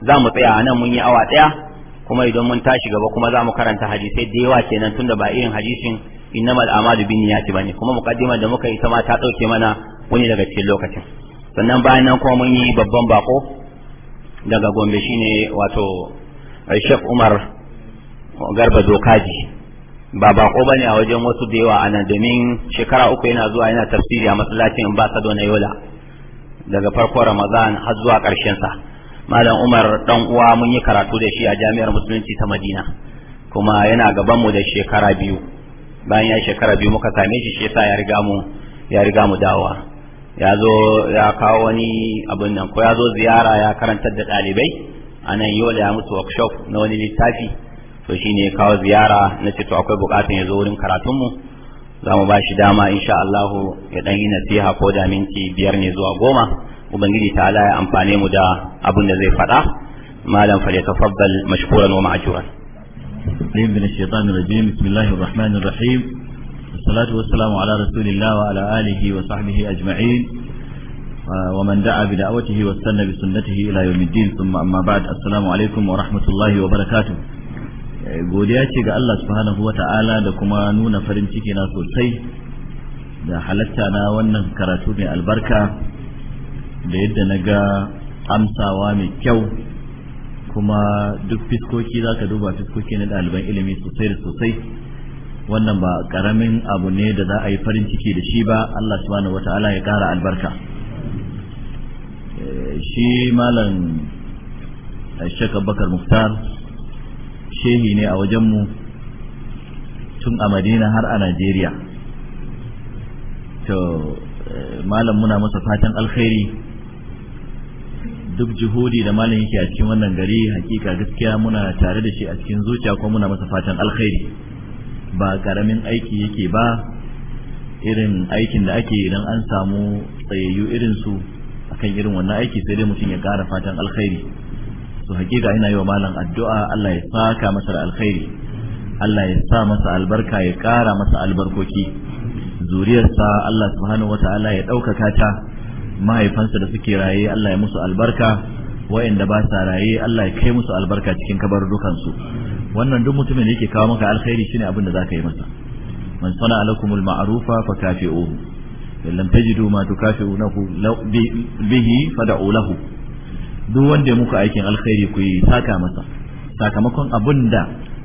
Speaker 1: za mu tsaya a nan mun yi awa ɗaya kuma idan mun tashi gaba kuma za mu karanta hadisai da yawa kenan tunda ba irin hadisin ya a'malu binniyati bane kuma muqaddima da muka yi ta ma ta dauke mana wani daga cikin lokacin sannan bayan nan kuma mun yi babban bako daga Gombe shine wato eh, Sheikh Umar Garba Dokaji ba bako bane a wajen wasu da yawa anan domin shekara uku yana zuwa yana tafsiri a masallacin Ambassador na Yola daga farko Ramadan har zuwa karshen sa Malam Umar dan uwa mun yi karatu da shi a Jami'ar Musulunci ta Madina kuma yana gaban mu da shekara biyu bayan ya shekara biyu muka same shi shi yasa ya riga mu ya riga mu dawowa ya zo ya kawo wani abin nan ko ya zo ziyara ya karantar da ɗalibai a nan yola ya mutu workshop na wani littafi to shine ya kawo ziyara na ce to akwai bukatun ya zo wurin karatunmu za mu ba shi dama insha Allah ya ɗan yi nasiha ko da minti biyar ne zuwa goma ubangiji ta ala ya amfane mu da abin da zai faɗa malam fa ya mashkura mashkuran wa ma'juran أعوذ من الشيطان الرجيم
Speaker 2: بسم الله الرحمن الرحيم والصلاة والسلام على رسول الله وعلى آله وصحبه أجمعين ومن دعا بدعوته واستنى بسنته إلى يوم الدين ثم أما بعد السلام عليكم ورحمة الله وبركاته godiya ce ga Allah subhanahu wa ta'ala da kuma nuna farin ciki na sosai da halatta na wannan karatu mai albarka da yadda na ga amsawa mai kyau kuma duk fiskoki za ka duba fiskoki na ɗaliban ilimi sosai da sosai wannan ba ƙaramin abu ne da za a yi farin ciki da shi ba Allah subhanahu wata'ala ya ƙara albarka eh, shi malam shaka bakar muktar shehi ne a wajenmu tun a madina har a najeriya to eh, malam muna masa fatan alkhairi duk jihudi da malam yake a cikin wannan gari hakika gaskiya muna tare da shi a cikin zuciya kuma muna masa fatan alkhairi ba karamin aiki yake ba irin aikin da ake idan an samu tsayayyu irin su akan irin wannan aiki sai dai mutum ya kara fatan alkhairi su hakika ina yi wa malam addu'a Allah ya saka masa alkhairi Allah ya sa masa albarka ya kara masa albarkoki zuriyarsa Allah subhanahu wataala ya ɗaukaka ta mahaifansa da suke raye Allah ya musu albarka wa'inda ba sa raye Allah ya kai musu albarka cikin kabar dukansu. wannan duk mutumin da yake kawo maka alkhairi shine abin da zaka yi masa man sana alakumul ma'rufa fakafi'uhu in lam tajidu ma tukafi'unahu bihi fad'u lahu duk wanda ya muku aikin alkhairi ku yi saka masa sakamakon abin da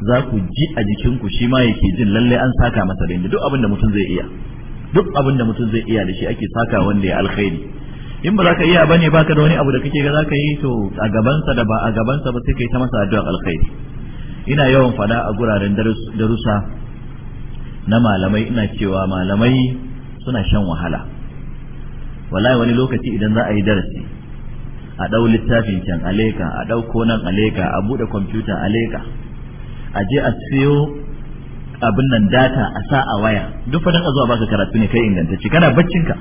Speaker 2: za ku ji a jikinku shi ma yake jin lalle an saka masa da duk abin da mutum zai iya duk abin da mutum zai iya da shi ake saka wanda ya alkhairi in ba za ka iya bane baka da wani abu da kake ga za ka yi to a gabansa da ba a gabansa ba sai kai ta masa addu'a alkhairi ina yawan fada a guraren darussa na malamai ina cewa malamai suna shan wahala wallahi wani lokaci idan za a yi darasi a ɗau littafin can aleka a ɗauko nan aleka a bude kwamfuta aleka a je a siyo abin nan data a sa a waya duk fadan a zuwa baka karatu ne kai ingantacce kana baccinka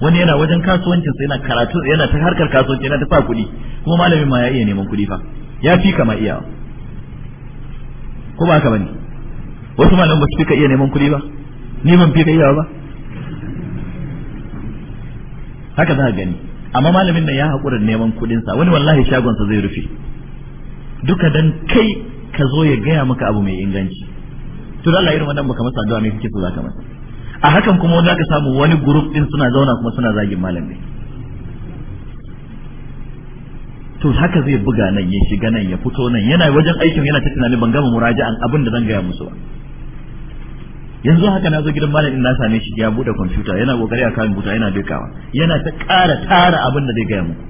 Speaker 2: wani yana wajen kasuwancin sa yana karatu yana ta harkar kasuwanci yana dafa kuɗi kuma malamin ma ya iya neman kuɗi fa ya fi kama iya ko ba ka bane wasu malamin ba su fika iya neman kuɗi ba ni ban fika iya ba haka za a gani amma malamin nan ya haƙura neman kuɗin sa wani wallahi shagon sa zai rufe duka dan kai ka zo ya gaya maka abu mai inganci to Allah irin wannan baka masa addu'a ne kike so zaka masa a hakan kuma wani aka samu wani group din suna zauna kuma suna zagin malami ne to haka zai buga nan ya shiga nan ya fito nan yana wajen aikin yana ta tunani ban gama muraja'an abin da zan gaya musu ba yanzu haka na zo gidan malamin na same shi ya bude kwamfuta yana kokari a kan buta yana dukawa yana ta ƙara tara abin da zai gaya muku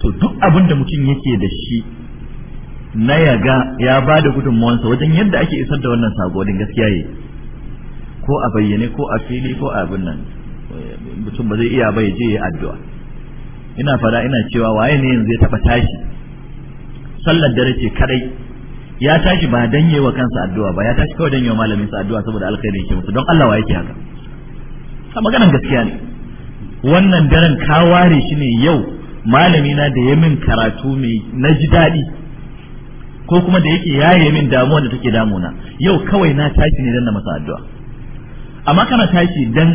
Speaker 2: to duk abin da mutum yake da shi na yaga ya ba da gudunmawansa wajen yadda ake isar da wannan sako gaskiya yayi ko a bayyane ko a fili ko a abin nan mutum ba zai iya bai je ya addu'a ina fara ina cewa waye ne yanzu ya taba tashi sallar dare ce kadai ya tashi ba dan yi wa kansa addu'a ba ya tashi kawai dan yi wa malamin sa addu'a saboda alkhairi ke musu don Allah wa ke haka a maganan gaskiya ne wannan daren ka ware shi ne yau malami na da yamin karatu mai na ji daɗi ko kuma da yake yaye min damuwa da take damuna yau kawai na tashi ne dan na masa addu'a amma kana tashi dan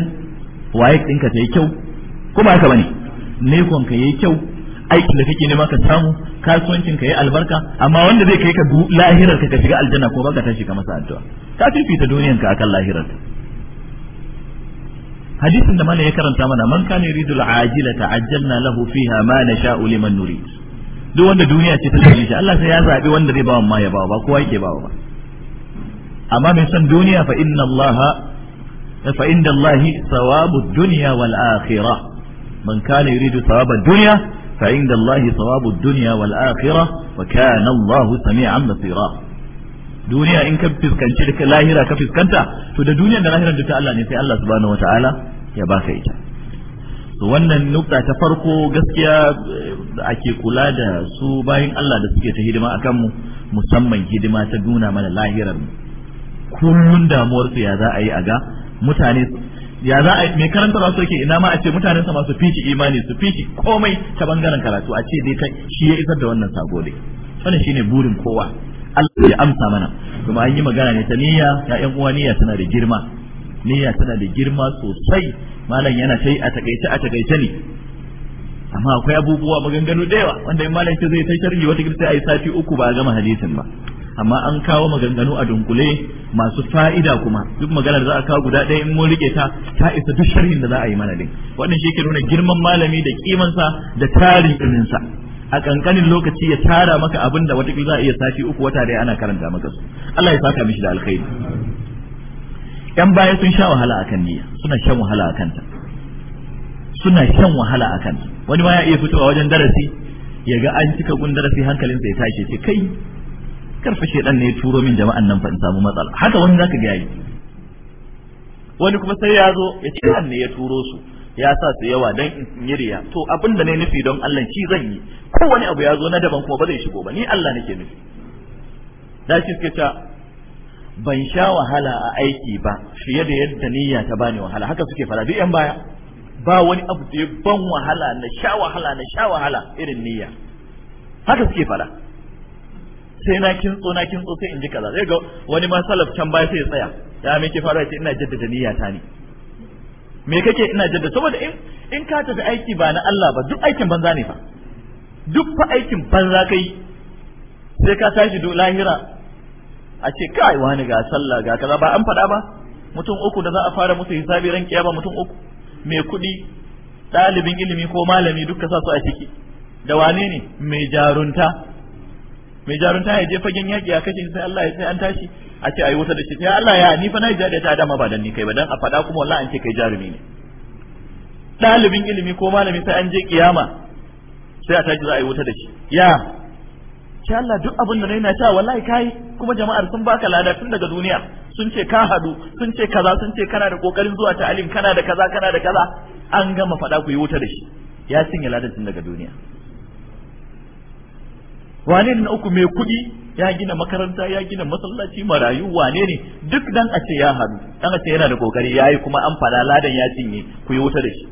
Speaker 2: waye ɗinka ta yi kyau ko ba haka bane nekon ka yi kyau aikin da kake nema ka samu kasuwancin ka yi albarka amma wanda zai kai ka lahirar ka shiga aljanna ko baka tashi ka masa addu'a ka fifita duniyan ka akan lahirar hadisin da mana ya karanta mana man kana yuridu al-ajila ta'ajjalna lahu fiha ma nasha'u liman nurid duk wanda duniya ce ta tafi shi Allah sai ya zabi wanda zai wa ma ya bawa ba kowa yake bawa ba amma mai san duniya fa inna Allaha. فإن الله ثواب الدنيا والآخرة من كان يريد ثواب الدنيا فعند الله ثواب الدنيا والآخرة وكان الله سميعا بصيرا duniya in ka fuskanci da lahira ka fuskanta to da duniya da lahirar ta Allah ne sai Allah subhanahu wataala ya baka ita wannan nukta ta farko gaskiya ake kula da su bayan Allah da suke ta hidima akan mu musamman hidima ta nuna mana lahirar mu kullun damuwar ya za a yi a ga mutane ya za a mai karanta ba ke ina ma a ce mutanen sa masu fiki imani su fiki komai ta bangaren karatu a ce dai kai shi ya isar da wannan sago dai wannan shine burin kowa Allah ya amsa mana kuma an yi magana ne ta niyya ya ƴan uwa niyya tana da girma niyya tana da girma sosai malam yana tai a takaice a takaice ne amma akwai abubuwa maganganu da yawa wanda in malam ce zai ta sharhi wata sai a yi sati uku ba a gama hadisin ba amma an kawo maganganu a dunkule masu fa'ida kuma duk maganar za a kawo guda ɗaya in mun riƙe ta ta isa duk sharhin da za a yi mana din wannan shi ke nuna girman malami da kimansa da tarin ilminsa a kankanin lokaci ya tara maka abin da wata za a iya sashi uku wata da ana karanta maka su Allah ya saka mishi da alkhairi yan baya sun sha wahala akan niyya suna shan wahala akan ta suna shan wahala akan wani ma ya iya fitowa wajen darasi ya ga an cika gun darasi hankalinsa ya tashi ce kai karfa shedan ne ya turo min jama'an nan fa in samu matsala haka wani zaka ga yayi wani kuma sai ya zo ya ce ne ya turo su ya sa su yawa dan in yi to abin da ne nufi don Allah shi zan yi ko wani abu ya zo na daban kuma ba zai shigo ba ni Allah nake nufi da shi suke ta ban sha wahala a aiki ba fiye da yadda niyya ta bani wahala haka suke fara duk yan baya ba wani abu da ya ban wahala na sha wahala na sha wahala irin niyya haka suke fara sai na kintso na kintso sai in ji kaza zai ga wani ma salaf can baya sai ya tsaya ya me ke fara ce ina jaddada niyyata ne me kake ina jaddada saboda in in ka tafi aiki ba na Allah ba duk aikin banza ne fa duk fa aikin banza kai sai ka tashi do lahira a ce kai wani ga sallah ga kaza ba an faɗa ba mutum uku da za a fara musu hisabi ran kiyama mutum uku mai kuɗi ɗalibin ilimi ko malami duk ka sa su a ciki da wane ne mai jarunta mai jarunta ya je fagen yaki a kashe sai Allah ya sai an tashi a ce ayi wuta da shi ya Allah ya ni fa na jari ta dama ba dan ni kai ba dan a fada kuma wallahi an ce kai jarumi ne dalibin ilimi ko malami sai an je kiyama sai a tashi za a yi wuta da shi ya ce Allah duk abin da na ta wallahi kai kuma jama'ar sun baka lada tun daga duniya sun ce ka hadu sun ce kaza sun ce kana da kokarin zuwa ta'alim kana da kaza kana da kaza an gama fada ku yi wuta da shi ya cinye ladan tun daga duniya wane ne na uku mai kuɗi ya gina makaranta ya gina masallaci marayu wane ne duk dan a ce ya hadu dan a ce yana da kokari ya yi kuma an fada ladan ya cinye ku yi wuta da shi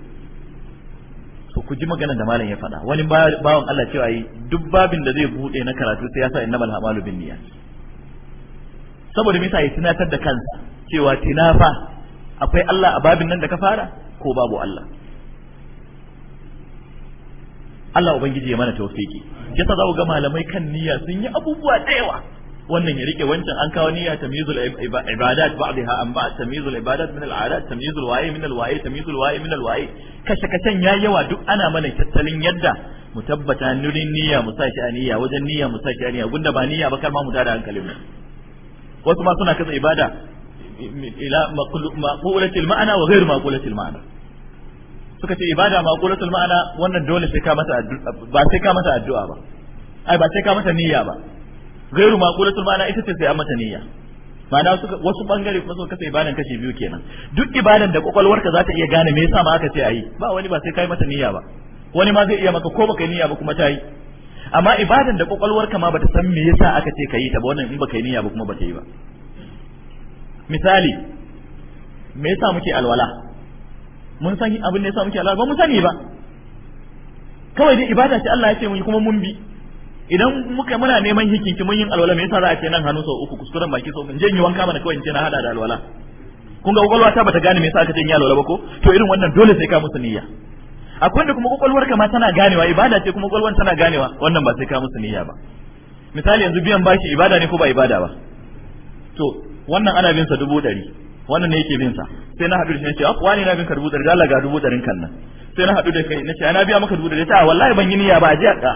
Speaker 2: to ku ji maganar da malam ya faɗa wani bawan Allah cewa yi duk babin da zai bude na karatu sai ya sa innamal a'malu niyya saboda me ya tunatar da kansa cewa tinafa akwai Allah a babin nan da ka fara ko babu Allah Allah ubangiji ya mana tawfiki yasa za ku ga malamai kan niyya sun yi abubuwa da yawa wannan ya rike wancan an kawo niyya tamyizul ibadat ba'daha an ba tamyizul ibadat min al'adat tamyizul wa'i min al-wa'i tamyizul wa'i min al-wa'i kashe kashen yayi yawa duk ana mana tattalin yadda mu tabbata nurin niyya mu sa shi a niyya wajen niyya mu sa shi a niyya gunda ba niyya ba kar ma mu tada hankalin mu wasu ma suna kasa ibada ila maqulatil ma'ana wa ghairu maqulatil ma'ana suka ce ibada qulatul ma'ana wannan dole sai ka mata ba sai ka mata addu'a ba ai ba sai ka mata niyya ba gairu qulatul ma'ana ita ce sai an mata niyya ma'ana suka wasu bangare kuma suka kasa ibadan kashi biyu kenan duk ibadan da kwakwalwarka za ta iya gane me yasa ma aka ce ayi ba wani ba sai kai mata niyya ba wani ma zai iya maka ko baka niyya ba kuma ta yi amma ibadan da kwakwalwarka ma bata san me yasa aka ce ka yi ta ba wannan in baka yi niyya ba kuma bata yi ba misali me yasa muke alwala mun san abin da sa muke Allah ba mu sani ba kawai dai ibada ce Allah ya ce mun kuma mun bi idan muka muna neman hikinki mun yin alwala me yasa za a ce nan hannu sau uku kuskuren baki sau in je in yi wanka mana kawai in ce na hada da alwala kun ga kwakwalwa ta bata gane me yasa aka ce in yi alwala ba ko to irin wannan dole sai ka musu niyya akwai wanda kuma kwakwalwar ka ma tana ganewa ibada ce kuma kwakwalwar tana ganewa wannan ba sai ka musu niyya ba misali yanzu biyan bashi ibada ne ko ba ibada ba to wannan ana bin sa dubu ɗari wannan ne yake bin sa sai na haɗu da shi nace ah wani na bin ka dubu ɗari Allah ga dubu ɗarin kan nan sai na haɗu da kai nace ana biya maka dubu ɗari ta wallahi ban yi niyya ba ji ka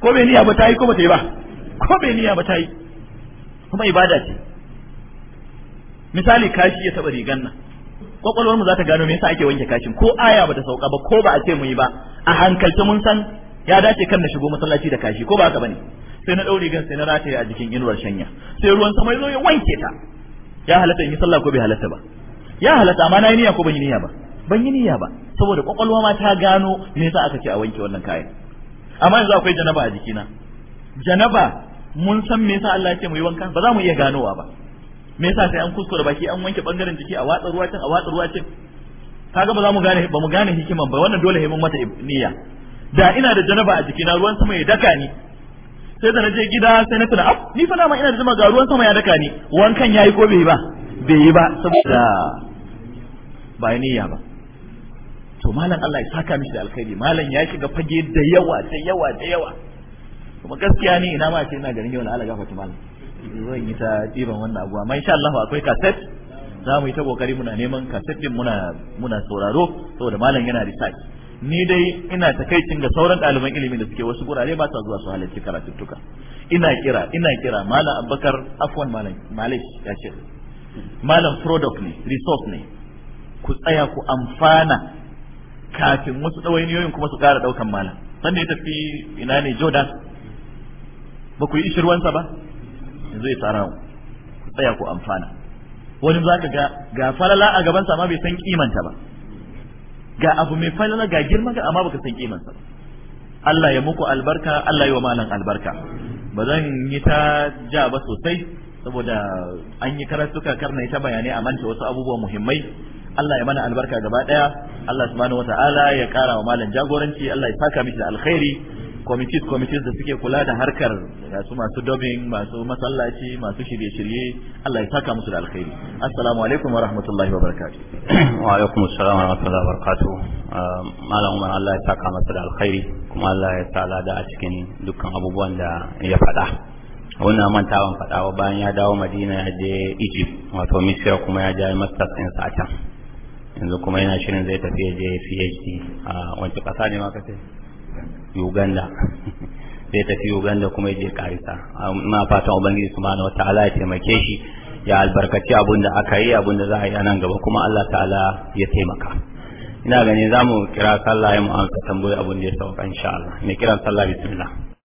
Speaker 2: ko bai niyya ba ta yi ko ba ta yi ba ko bai niyya ba ta yi kuma ibada ce misali kashi ya taɓa rigan nan kwakwalwar mu za ta gano me yasa ake wanke kashin ko aya ba ta sauka ba ko ba a ce mu yi ba a hankalta mun san ya dace kan na shigo masallaci da kashi ko ba haka bane sai na daure gan sai na rataye a jikin inuwar shanya sai ruwan sama ya zo ya wanke ta ya halatta in yi sallah ko bai halatta ba ya halatta amma na yi niyya ko ban yi niyya ba ban yi niyya ba saboda kwakwalwa ma ta gano me yasa aka ce a wanke wannan kayan amma yanzu akwai janaba a jikina janaba mun san me yasa Allah ya ce mu yi wanka ba za mu iya ganowa ba me yasa sai an kuskura baki an wanke bangaren jiki a watsa ruwa can a watsa ruwa can kaga ba za mu gane ba mu gane hikiman ba wannan dole mun mata niyya da ina da janaba a jikina ruwan sama ya daka ni sai da naje gida sai na tuna af ni fa dama ina da zuma ga ruwan sama ya daka ni wankan yayi ko bai ba bai yi ba saboda ba ya ba to malam Allah ya saka mishi da alkhairi malam ya shiga fage da yawa da yawa da yawa kuma gaskiya ni ina ma ce ina ganin yau na Allah gafarta malam zan yi ta diban wannan abuwa amma insha Allah akwai kaset za mu yi ta kokari muna neman kaset din muna muna sauraro saboda malam yana da research ni dai ina takaicin ga sauran ɗaliban ilimi da suke wasu gurare ba sa zuwa su halarci tuka ina kira ina kira malam Abubakar afwan malam malai ya ce malam product ne resource ne ku tsaya ku amfana kafin wasu ɗawainiyoyin kuma su ƙara ɗaukan malam sanda ya tafi ina ne jordan ba ku yi ishirwansa ba yanzu ya tsara ku tsaya ku amfana wani za ka ga ga falala a gabansa ma bai san kimanta ba ga abu mai falala ga girma ga amma baka san kimansa ba Allah ya muku albarka Allah ya wa malam albarka ba zan yi ta ja ba sosai saboda an yi karatuka karna ta bayanai a manta wasu abubuwa muhimmai Allah ya mana albarka gaba daya Allah subhanahu wataala ya kara wa malam jagoranci Allah ya saka da alkhairi committees committees da suke kula da harkar da su masu dubbing masu masallaci masu shirye-shirye Allah ya saka musu da alkhairi assalamu alaikum wa rahmatullahi wa barakatuh
Speaker 1: [CLEARS THROAT] wa alaikum assalam wa rahmatullahi wa barakatuh ah, malam Umar Allah ya saka masa da alkhairi kuma Allah ya sa lada a cikin dukkan abubuwan da ya faɗa wannan mantawan faɗawa bayan ya dawo Madina ya je Egypt wato Misira kuma ya je masters din sa yanzu kuma yana shirin zai tafi ya je PhD a ah, wancan ƙasa ne ma kace Uganda sai [LAUGHS] tafi Uganda kuma je karisa ina fatan ubangiji subhanahu wataala ya taimake shi ya albarkaci abun da aka yi abun da za a yi nan gaba kuma Allah ta'ala ya taimaka ina ganin zamu kira sallah ya mu amsa tambayoyi abun da ya sauka insha Allah mai kiran sallah bismillah